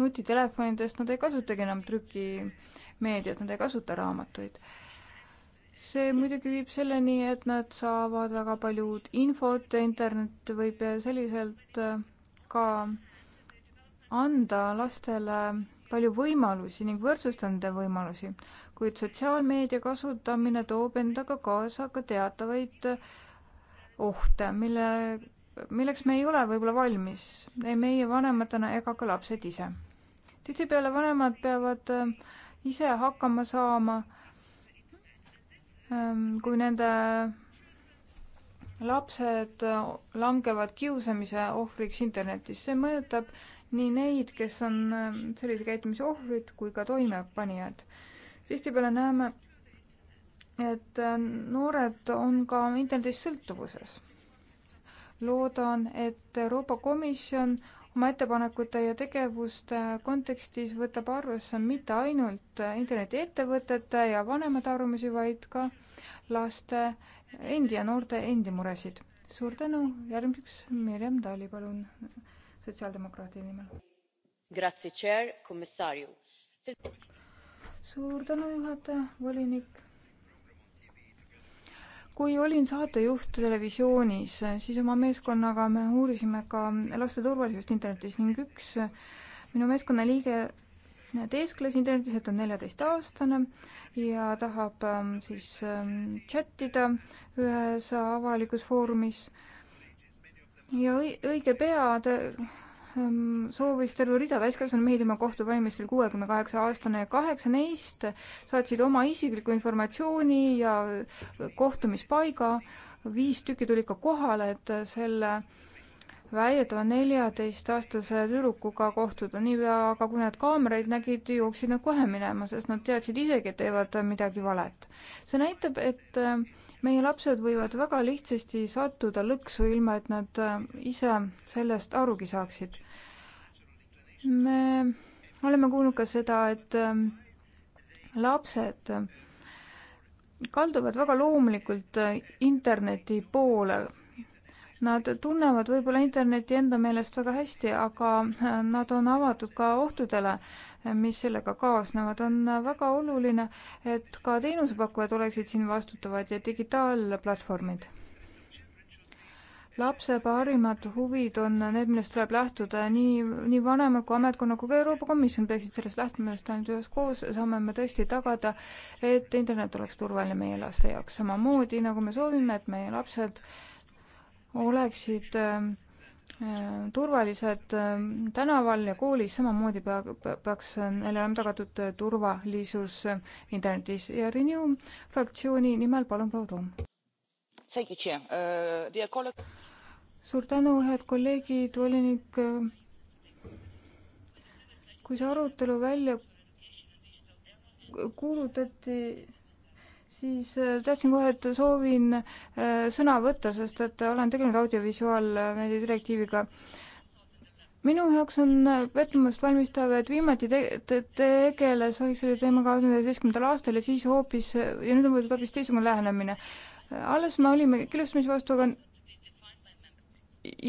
nutitelefonidest, nad ei kasutagi enam trükimeediat, nad ei kasuta raamatuid. see muidugi viib selleni, et nad saavad väga palju uut infot, internet võib selliselt ka anda lastele palju võimalusi ning võrdsustada võimalusi, kuid sotsiaalmeedia kasutamine toob endaga kaasa ka teatavaid äh, ohte, mille, milleks me ei ole võib-olla valmis, ei meie vanematena ega ka lapsed ise. tihtipeale vanemad peavad äh, ise hakkama saama, ähm, kui nende lapsed äh, langevad kiusamise ohvriks internetis, see mõjutab nii neid, kes on ähm, sellise käitumise ohvrid, kui ka toimepanijad. tihtipeale näeme, et ähm, noored on ka internetis sõltuvuses. loodan, et Euroopa Komisjon oma ettepanekute ja tegevuste kontekstis võtab arvesse mitte ainult internetiettevõtete ja vanemate arvamusi, vaid ka laste endi ja noorte endi muresid. suur tänu, järgmiseks Mirjam Tali, palun sotsiaaldemokraatide nimel. suur tänu, juhataja, volinik. kui olin saatejuht televisioonis, siis oma meeskonnaga me uurisime ka laste turvalisust internetis ning üks minu meeskonnaliige teeskles internetis, et on neljateistaastane ja tahab ähm, siis ähm, chattida ühes avalikus foorumis ja õige pea ta ähm, soovis terve rida täiskasvanud mehi tema kohtuvalimistel kuuekümne kaheksa aastane ja kaheksa neist saatsid oma isikliku informatsiooni ja kohtumispaiga, viis tükki tulid ka kohale, et selle väidetava neljateistaastase tüdrukuga kohtuda niipea, aga kui nad kaameraid nägid, jooksid nad kohe minema, sest nad teadsid isegi, et teevad midagi valet. see näitab, et äh, meie lapsed võivad väga lihtsasti sattuda lõksu, ilma et nad äh, ise sellest arugi saaksid. me oleme kuulnud ka seda, et äh, lapsed kalduvad väga loomulikult interneti poole Nad tunnevad võib-olla Interneti enda meelest väga hästi, aga äh, nad on avatud ka ohtudele, äh, mis sellega kaasnevad. on äh, väga oluline, et ka teenusepakkujad oleksid siin vastutavad ja digitaalplatvormid. lapse parimad huvid on need, millest tuleb lähtuda nii, nii vanema kui ametkonna kui ka Euroopa Komisjon peaksid sellest lähtuma, sest ainult üheskoos saame me tõesti tagada, et internet oleks turvaline meie laste jaoks. samamoodi nagu me soovime, et meie lapsed äh, oleksid ähm, äh, turvalised ähm, tänaval ja koolis, samamoodi pea, peaks neile olema tagatud äh, turvalisus äh, internetis ja Renew fraktsiooni nimel palun, proua Toom. Uh, suur tänu, head kolleegid, volinik. kui see arutelu välja kuulutati siis äh, teadsin kohe, et soovin äh, sõna võtta, sest et äh, olen tegelenud audiovisuaalmeedia direktiiviga. minu jaoks on pettumust valmistav, et viimati te te tegeles te selle teemaga kahe tuhande üheteistkümnendal aastal ja siis hoopis, ja nüüd on võetud hoopis teistsugune lähenemine. alles me olime killustamise vastu, aga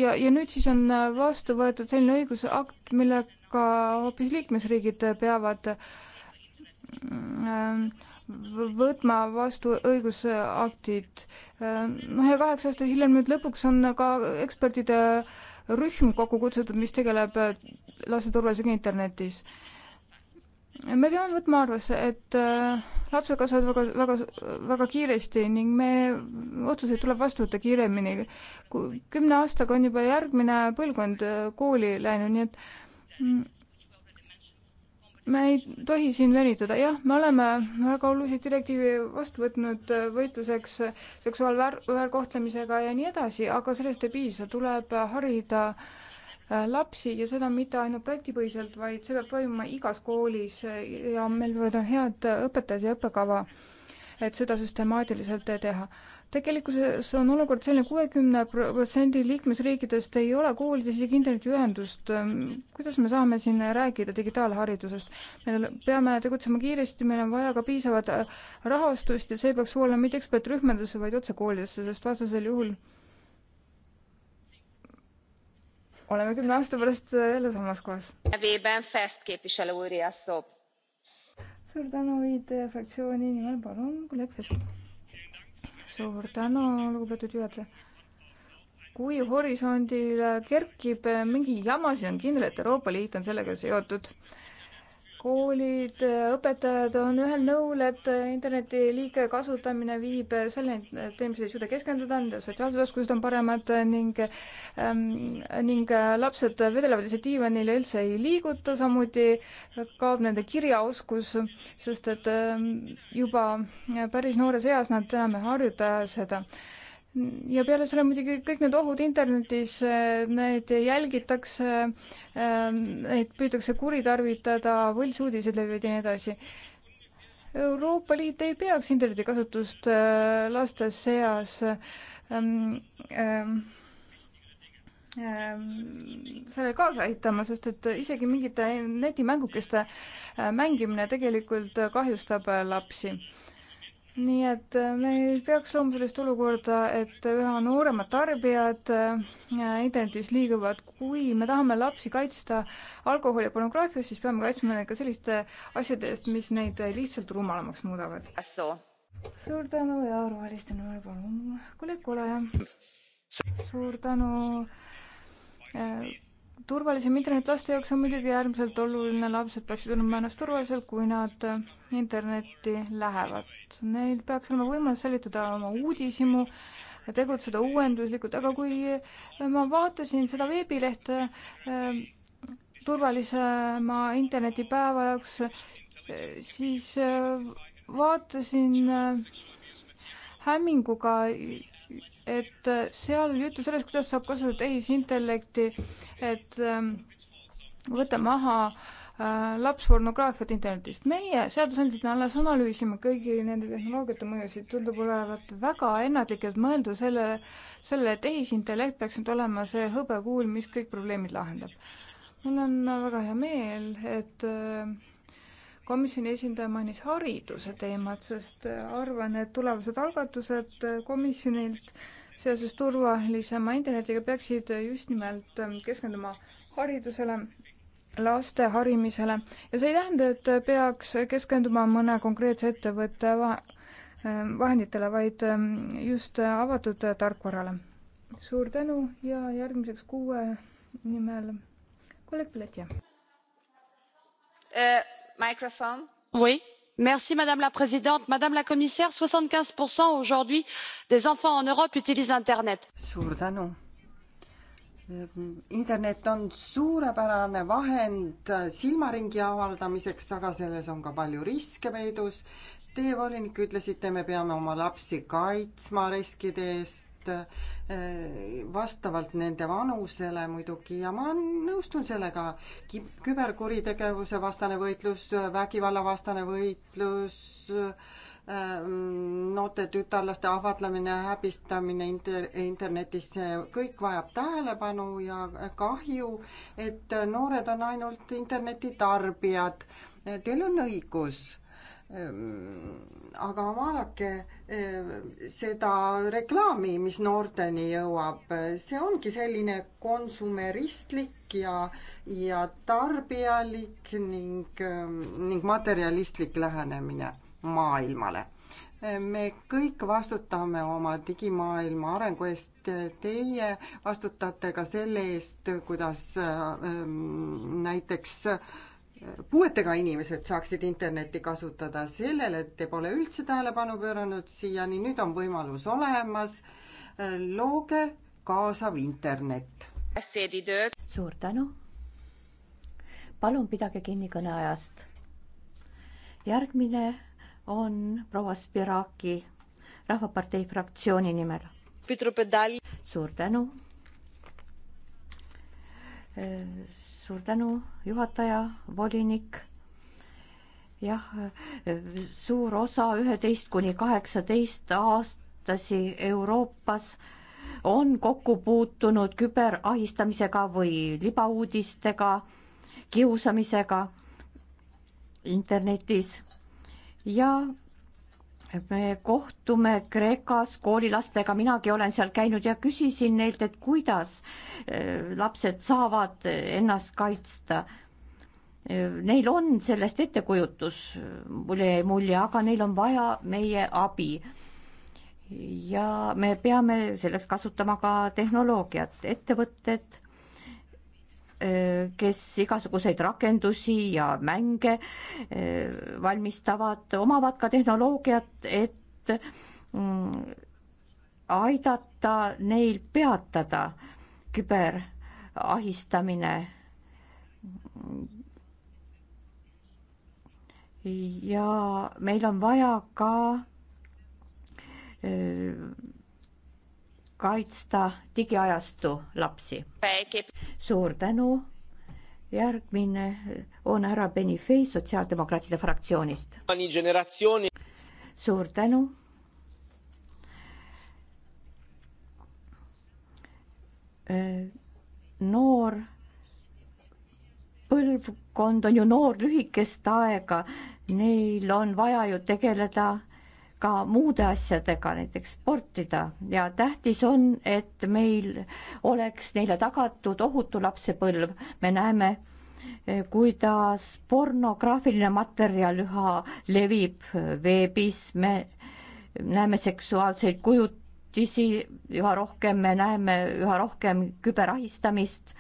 ja, ja nüüd siis on vastu võetud selline õigusakt, millega hoopis liikmesriigid peavad ähm, võtma vastu õigusaktid. noh, ja kaheksa aastat hiljem nüüd lõpuks on ka ekspertide rühm kokku kutsutud, mis tegeleb laste turvalisusega internetis. me peame võtma arvesse, et äh, lapsed kasvavad väga, väga, väga kiiresti ning me, otsuseid tuleb vastu võtta kiiremini. kümne aastaga on juba järgmine põlvkond äh, kooli läinud, nii et mm, me ei tohi siin venitada, jah, me oleme väga olulise direktiivi vastu võtnud äh, võitluseks äh, seksuaalväärkohtlemisega ja nii edasi, aga sellest ei piisa, tuleb äh, harida lapsi ja seda mitte ainult projektipõhiselt, vaid see peab toimuma igas koolis ja meil peavad olema head õpetajad ja õppekava, et seda süstemaatiliselt teha tegelikkuses on olukord selline, kuuekümne protsendi liikmesriikidest ei ole koolides isegi internetiühendust. kuidas me saame siin rääkida digitaalharidusest? me peame tegutsema kiiresti, meil on vaja ka piisavat rahastust ja see peaks olema mitte ekspertrühmadesse, vaid otse koolidesse, sest vastasel juhul oleme kümne aasta pärast jälle samas kohas. suur tänu, ID e fraktsiooni nimel, palun, kolleeg Vesko suur tänu, lugupeetud juhataja. kui horisondile kerkib mingi jama, siis on kindel, et Euroopa Liit on sellega seotud koolid, õpetajad on ühel nõul, et interneti liigne kasutamine viib selleni, et inimesed ei suuda keskenduda, nende sotsiaalsed oskused on paremad ning ähm, ning lapsed vedelevad lihtsalt diivanil ja üldse ei liiguta, samuti kaob nende kirjaoskus, sest et ähm, juba päris noores eas nad enam ei harjuta seda äh, ja peale selle muidugi kõik need ohud internetis, äh, need jälgitakse, ähm, neid püütakse kuritarvitada, võltsuudised levivad ja nii edasi. Euroopa Liit ei peaks internetikasutust äh, laste seas ähm, ähm, ähm sellele kaasa aitama, sest et isegi mingite netimängukeste äh, mängimine tegelikult kahjustab lapsi nii et äh, me ei peaks looma sellist olukorda, et üha nooremad tarbijad äh, internetis liiguvad. kui me tahame lapsi kaitsta alkoholi ja pornograafiast, siis peame kaitsma neid ka selliste asjade eest, mis neid lihtsalt rumalamaks muudavad. suur tänu ja roheliste noor, palun, kolleeg Kole. suur tänu äh, turvalisem internet laste jaoks on muidugi äärmiselt oluline, lapsed peaksid tundma ennast turvaliselt, kui nad äh, internetti lähevad. Neil peaks olema võimalus säilitada oma uudishimu ja tegutseda uuenduslikult, aga kui äh, ma vaatasin seda veebilehte äh, turvalisema internetipäeva jaoks, äh, siis äh, vaatasin äh, hämminguga et äh, seal juttu sellest, kuidas saab kasutada tehisintellekti, et ähm, võtta maha äh, lapspornograafiat internetist. meie seadusandjatena alles analüüsime kõigi nende tehnoloogiate mõjusid, tundub olevat väga ennatlik, et mõelda selle, selle tehisintellekt peaks nüüd olema see hõbekuul, mis kõik probleemid lahendab. mul on väga hea meel, et äh, komisjoni esindaja mainis hariduse teemat, sest arvan, et tulevased algatused komisjonilt seoses turvalisema internetiga peaksid just nimelt keskenduma haridusele, laste harimisele ja see ei tähenda, et peaks keskenduma mõne konkreetse ettevõtte va vahenditele, vaid just avatud tarkvarale. suur tänu ja järgmiseks kuue nimel kolleeg Pletja äh madame la présidente madame la commissaire soixante quinze aujourd'hui des enfants en europe utilisent internet. Ehm, internet on suurepärane vahend silmaringi avardamiseks aga selles on ka palju riske peidus. teie volinik ütlesite me peame oma lapsi kaitsma riskide eest Eh, vastavalt nende vanusele muidugi ja ma nõustun sellega. küberkuritegevuse vastane võitlus, vägivalla vastane võitlus, eh, noorte tütarlaste ahvatlemine, häbistamine inter-, internetis, see kõik vajab tähelepanu ja kahju, et noored on ainult interneti tarbijad. Teil on õigus Ehm, aga vaadake ehm, seda reklaami, mis noorteni jõuab, see ongi selline konsumeristlik ja, ja tarbijalik ning, ehm, ning materjalistlik lähenemine maailmale. me kõik vastutame oma digimaailma arengu eest, teie vastutate ka selle eest, kuidas ähm, näiteks äh, puuetega inimesed saaksid internetti kasutada, sellele te pole üldse tähelepanu pööranud siiani, nüüd on võimalus olemas. looge kaasav internet. suur tänu. palun pidage kinni kõneajast. järgmine on proua Spiraki Rahvapartei fraktsiooni nimel. suur tänu äh, suur tänu, juhataja, volinik. jah, suur osa üheteist kuni kaheksateist aastasi Euroopas on kokku puutunud küberahistamisega või libauudistega, kiusamisega internetis ja me kohtume Kreekas koolilastega, minagi olen seal käinud ja küsisin neilt, et kuidas eh, lapsed saavad eh, ennast kaitsta. Eh, neil on sellest ettekujutus, mulle jäi mulje, aga neil on vaja meie abi. ja me peame selleks kasutama ka tehnoloogiat, ettevõtted kes igasuguseid rakendusi ja mänge valmistavad, omavad ka tehnoloogiat, et mm, aidata neil peatada küberahistamine. ja meil on vaja ka kaitsta digiajastu lapsi. suur tänu. järgmine on härra Benifei Sotsiaaldemokraatide fraktsioonist. suur tänu. noor põlvkond on ju noor lühikest aega, neil on vaja ju tegeleda ka muude asjadega, näiteks sportida ja tähtis on, et meil oleks neile tagatud ohutu lapsepõlv. me näeme, eh, kuidas pornograafiline materjal üha levib eh, veebis, me näeme seksuaalseid kujutisi üha rohkem, me näeme üha rohkem küberahistamist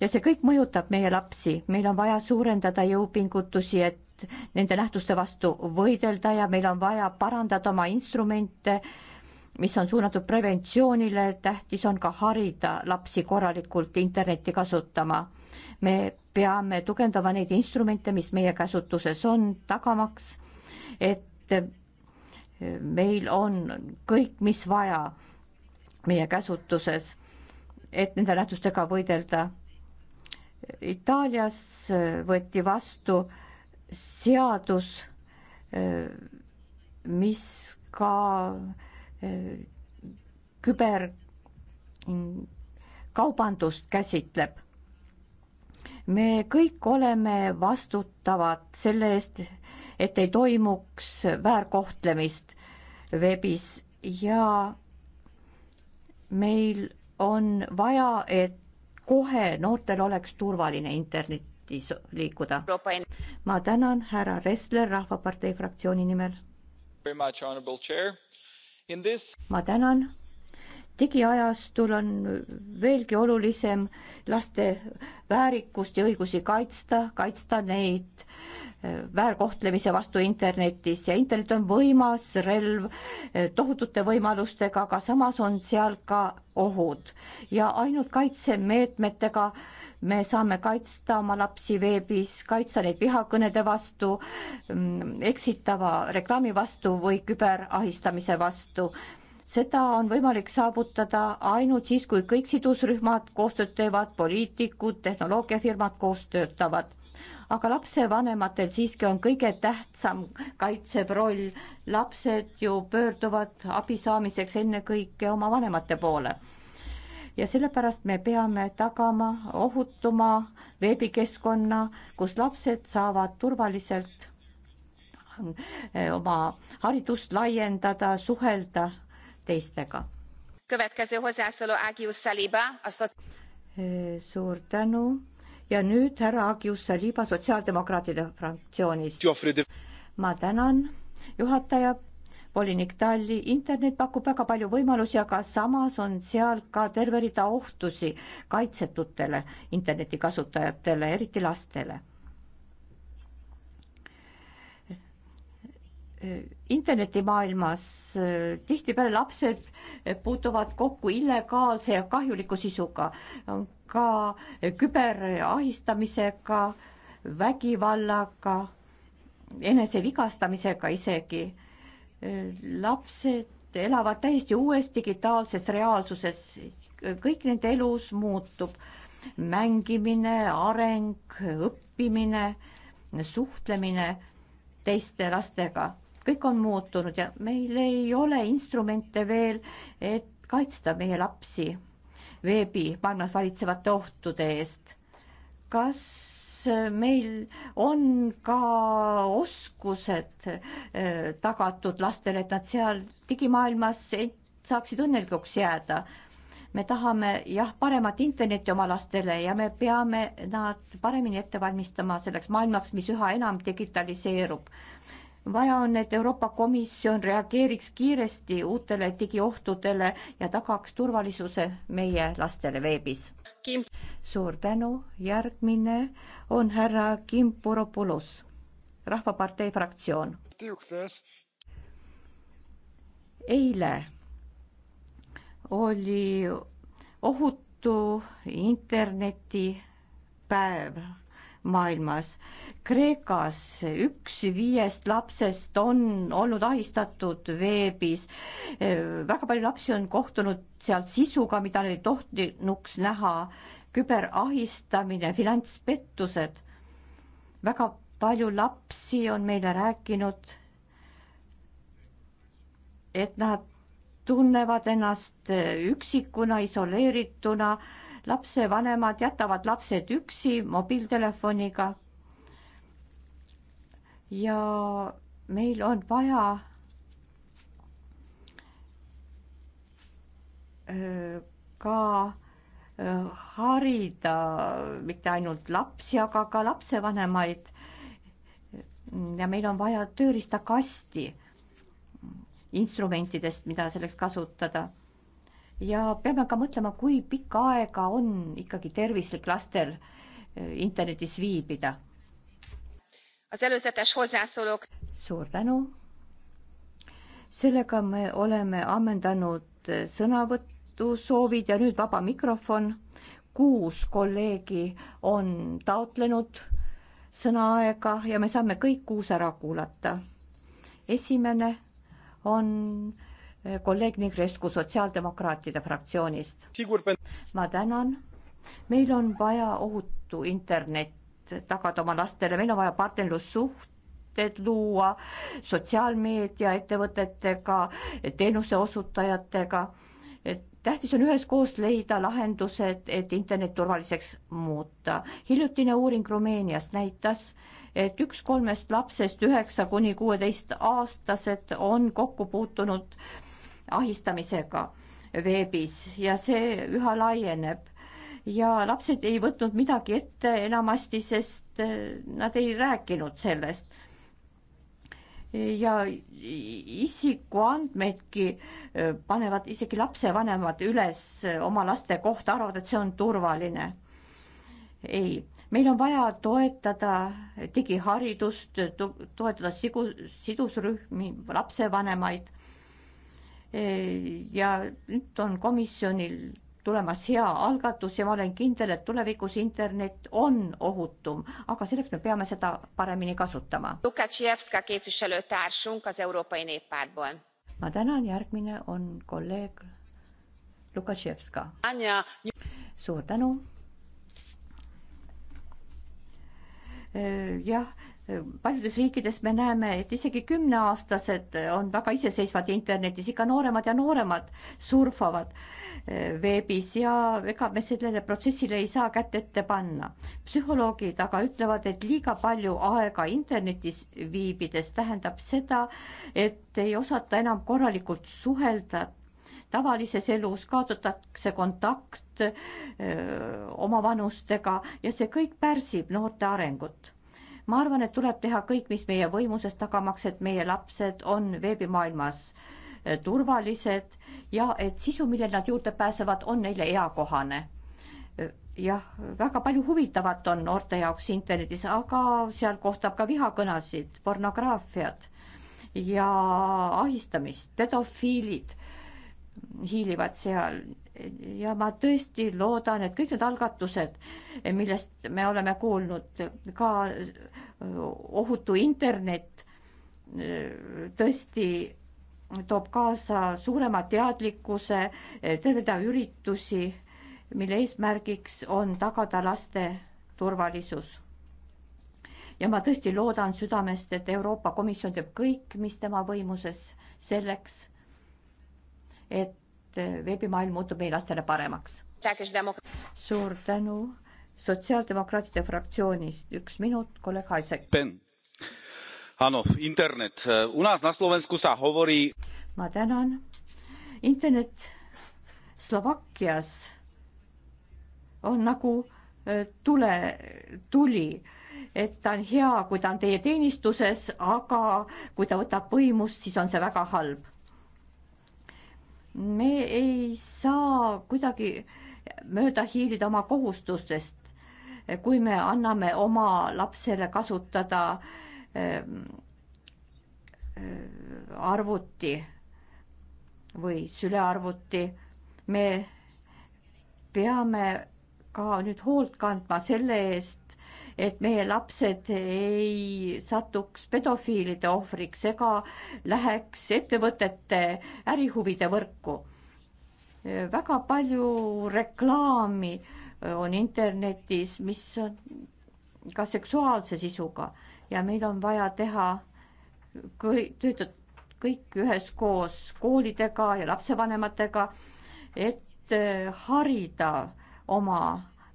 ja see kõik mõjutab meie lapsi, meil on vaja suurendada jõupingutusi, et et nende nähtuste vastu võidelda ja meil on vaja parandada oma instrumente, mis on suunatud preventsioonile, tähtis on ka harida lapsi korralikult internetti kasutama. me peame tugevdama neid instrumente, mis meie käsutuses on, tagamaks, et meil on kõik, mis vaja meie käsutuses, et nende nähtustega võidelda Itaalias võeti vastu seadus, mis ka küberkaubandust käsitleb. me kõik oleme vastutavad selle eest, et ei toimuks väärkohtlemist veebis ja meil on vaja, et kohe noortel oleks turvaline internet suutis liikuda. ma tänan härra Ressler Rahvapartei fraktsiooni nimel. This... ma tänan. digiajastul on veelgi olulisem laste väärikust ja õigusi kaitsta, kaitsta neid eh, väärkohtlemise vastu internetis ja internet on võimas relv eh, tohutute võimalustega, aga samas on seal ka ohud ja ainult kaitsemeetmetega äh, me saame kaitsta oma lapsi veebis, kaitsta neid vihakõnede vastu, mm, eksitava reklaami vastu või küberahistamise vastu. seda on võimalik saavutada ainult siis, kui kõik sidusrühmad koostööd teevad, poliitikud, tehnoloogiafirmad koos töötavad aga lapsevanematel siiski on kõige tähtsam kaitsev roll. lapsed ju pöörduvad abi saamiseks ennekõike oma vanemate poole ja sellepärast me peame tagama ohutuma veebikeskkonna, kus lapsed saavad turvaliselt eh, oma haridust laiendada, suhelda teistega. Eh, suur tänu ja nüüd härra Agius Saliba Sotsiaaldemokraatide fraktsioonist. ma tänan, juhataja volinik Talli, internet pakub väga palju võimalusi, aga samas on seal ka terve rida ohtusi kaitsetutele interneti kasutajatele, eriti lastele. internetimaailmas eh, tihtipeale lapsed puutuvad kokku illegaalse ja kahjuliku sisuga, ka küberahistamisega, vägivallaga, enese vigastamisega isegi lapsed elavad täiesti uues digitaalses reaalsuses, kõik nende elus muutub. mängimine, areng, õppimine, suhtlemine teiste lastega, kõik on muutunud ja meil ei ole instrumente veel, et kaitsta meie lapsi veebimaailmas valitsevate ohtude eest. kas meil on ka oskused äh, tagatud lastele, et nad seal digimaailmas saaksid õnnelikuks jääda. me tahame jah, paremat internetti oma lastele ja me peame nad paremini ette valmistama selleks maailmaks, mis üha enam digitaliseerub vaja on, et Euroopa Komisjon reageeriks kiiresti uutele digiohtudele ja tagaks turvalisuse meie lastele veebis suur tänu, järgmine on härra Kim Poropoulos, Rahvapartei fraktsioon. eile oli ohutu internetipäev maailmas. Kreekas üks viiest lapsest on olnud ahistatud veebis. väga palju lapsi on kohtunud seal sisuga, mida neil ei tohtinuks näha. küberahistamine, finantspettused. väga palju lapsi on meile rääkinud, et nad tunnevad ennast üksikuna, isoleerituna lapsevanemad jätavad lapsed üksi mobiiltelefoniga. ja meil on vaja äh, ka äh, harida mitte ainult lapsi, aga ka lapsevanemaid. ja meil on vaja tööriistakasti instrumentidest, mida selleks kasutada ja peame ka mõtlema, kui pikka aega on ikkagi tervislik lastel äh, internetis viibida. suur tänu. sellega me oleme ammendanud äh, sõnavõtusoovid ja nüüd vaba mikrofon. kuus kolleegi on taotlenud sõnaaega ja me saame kõik kuus ära kuulata. esimene on kolleeg Nigrescu Sotsiaaldemokraatide fraktsioonist. ma tänan. meil on vaja ohutu internet tagada oma lastele, meil on vaja partnerlussuhted luua sotsiaalmeedia ettevõtetega, teenuse osutajatega. tähtis on üheskoos leida lahendused, et internet turvaliseks muuta. hiljutine uuring Rumeenias näitas, et üks kolmest lapsest üheksa kuni kuueteist aastased on kokku puutunud äh, ahistamisega veebis ja see üha laieneb. ja lapsed ei võtnud midagi ette enamasti, sest eh, nad ei rääkinud sellest. ja isikuandmeidki eh, panevad isegi lapsevanemad üles eh, oma laste kohta, arvavad, et see on turvaline. ei, meil on vaja toetada digiharidust, toetada sigu, sidusrühmi, lapsevanemaid ja nüüd on komisjonil tulemas hea algatus ja ma olen kindel, et tulevikus internet on ohutum, aga selleks me peame seda paremini kasutama. ma tänan, järgmine on kolleeg Lukaševska. suur tänu. jah paljudes riikides me näeme, et isegi kümneaastased on väga iseseisvad internetis, ikka nooremad ja nooremad surfavad eh, veebis ja ega me sellele protsessile ei saa kätt ette panna. psühholoogid aga ütlevad, et liiga palju aega internetis viibides tähendab seda, et ei osata enam korralikult suhelda tavalises elus kaotatakse kontakt öö, eh, oma vanustega ja see kõik pärsib noorte arengut ma arvan, et tuleb teha kõik, mis meie võimuses, tagamaks, et meie lapsed on veebimaailmas eh, turvalised ja et sisu, millele nad juurde pääsevad, on neile eakohane. Eh, jah, väga palju huvitavat on noorte jaoks internetis, aga seal kohtab ka vihakõnasid, pornograafiat ja ahistamist, pedofiilid hiilivad seal ja ma tõesti loodan, et kõik need algatused, millest me oleme kuulnud, ka äh, ohutu internet äh, tõesti toob kaasa suurema teadlikkuse, äh, terve rida üritusi, mille eesmärgiks on tagada laste turvalisus. ja ma tõesti loodan südamest, et Euroopa Komisjon teeb kõik, mis tema võimuses selleks et eh, veebimaailm muutub meie lastele paremaks. suur tänu sotsiaaldemokraatide fraktsioonist, üks minut, kolleeg Haisek. Ano, internet. Eh, u nás na Slovensku sa hovorí... Ma tänan. Internet Slovakkias on nagu eh, tule, tuli, et ta on hea, kui ta on teie teenistuses, aga kui ta võtab võimust, siis on see väga halb me ei saa kuidagi mööda hiilida oma kohustustest, kui me anname oma lapsele kasutada ähm, äh, arvuti või sülearvuti. me peame ka nüüd hoolt kandma selle eest, et meie lapsed ei satuks pedofiilide ohvriks ega läheks ettevõtete ärihuvide võrku. väga palju reklaami on internetis, mis on ka seksuaalse sisuga ja meil on vaja teha kõik, töötada kõik üheskoos koolidega ja lapsevanematega, et eh, harida oma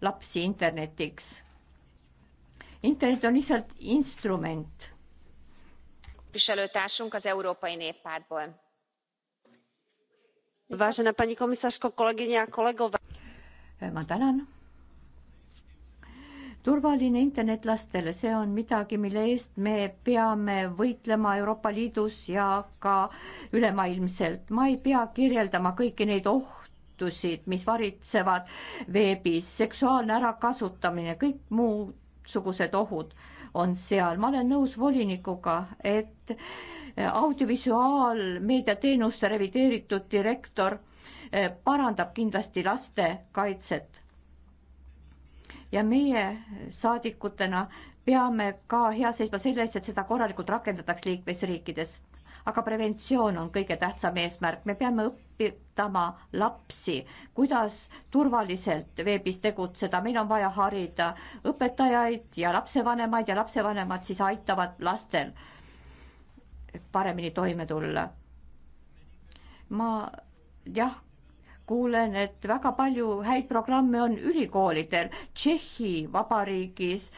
lapsi internetiks internet on lihtsalt instrument. Vážená paní komisařko, kolegyně a kolegové. Ma tänan turvaline internet lastele, see on midagi, mille eest me peame võitlema Euroopa Liidus ja ka ülemaailmselt. ma ei pea kirjeldama kõiki neid ohtusid, mis varitsevad veebis, seksuaalne ärakasutamine, kõik muud missugused ohud on seal. ma olen nõus volinikuga, et audiovisuaalmeedia teenuste revideeritud direktor eh, parandab kindlasti laste kaitset. ja meie saadikutena peame ka hea seisma selle eest, et seda korralikult rakendataks liikmesriikides. aga preventsioon on kõige tähtsam eesmärk, me peame õppima õpitama lapsi, kuidas turvaliselt veebis tegutseda, meil on vaja harida õpetajaid ja lapsevanemaid ja lapsevanemad siis aitavad lastel paremini toime tulla. ma jah, kuulen, et väga palju häid programme on ülikoolidel Tšehhi Vabariigis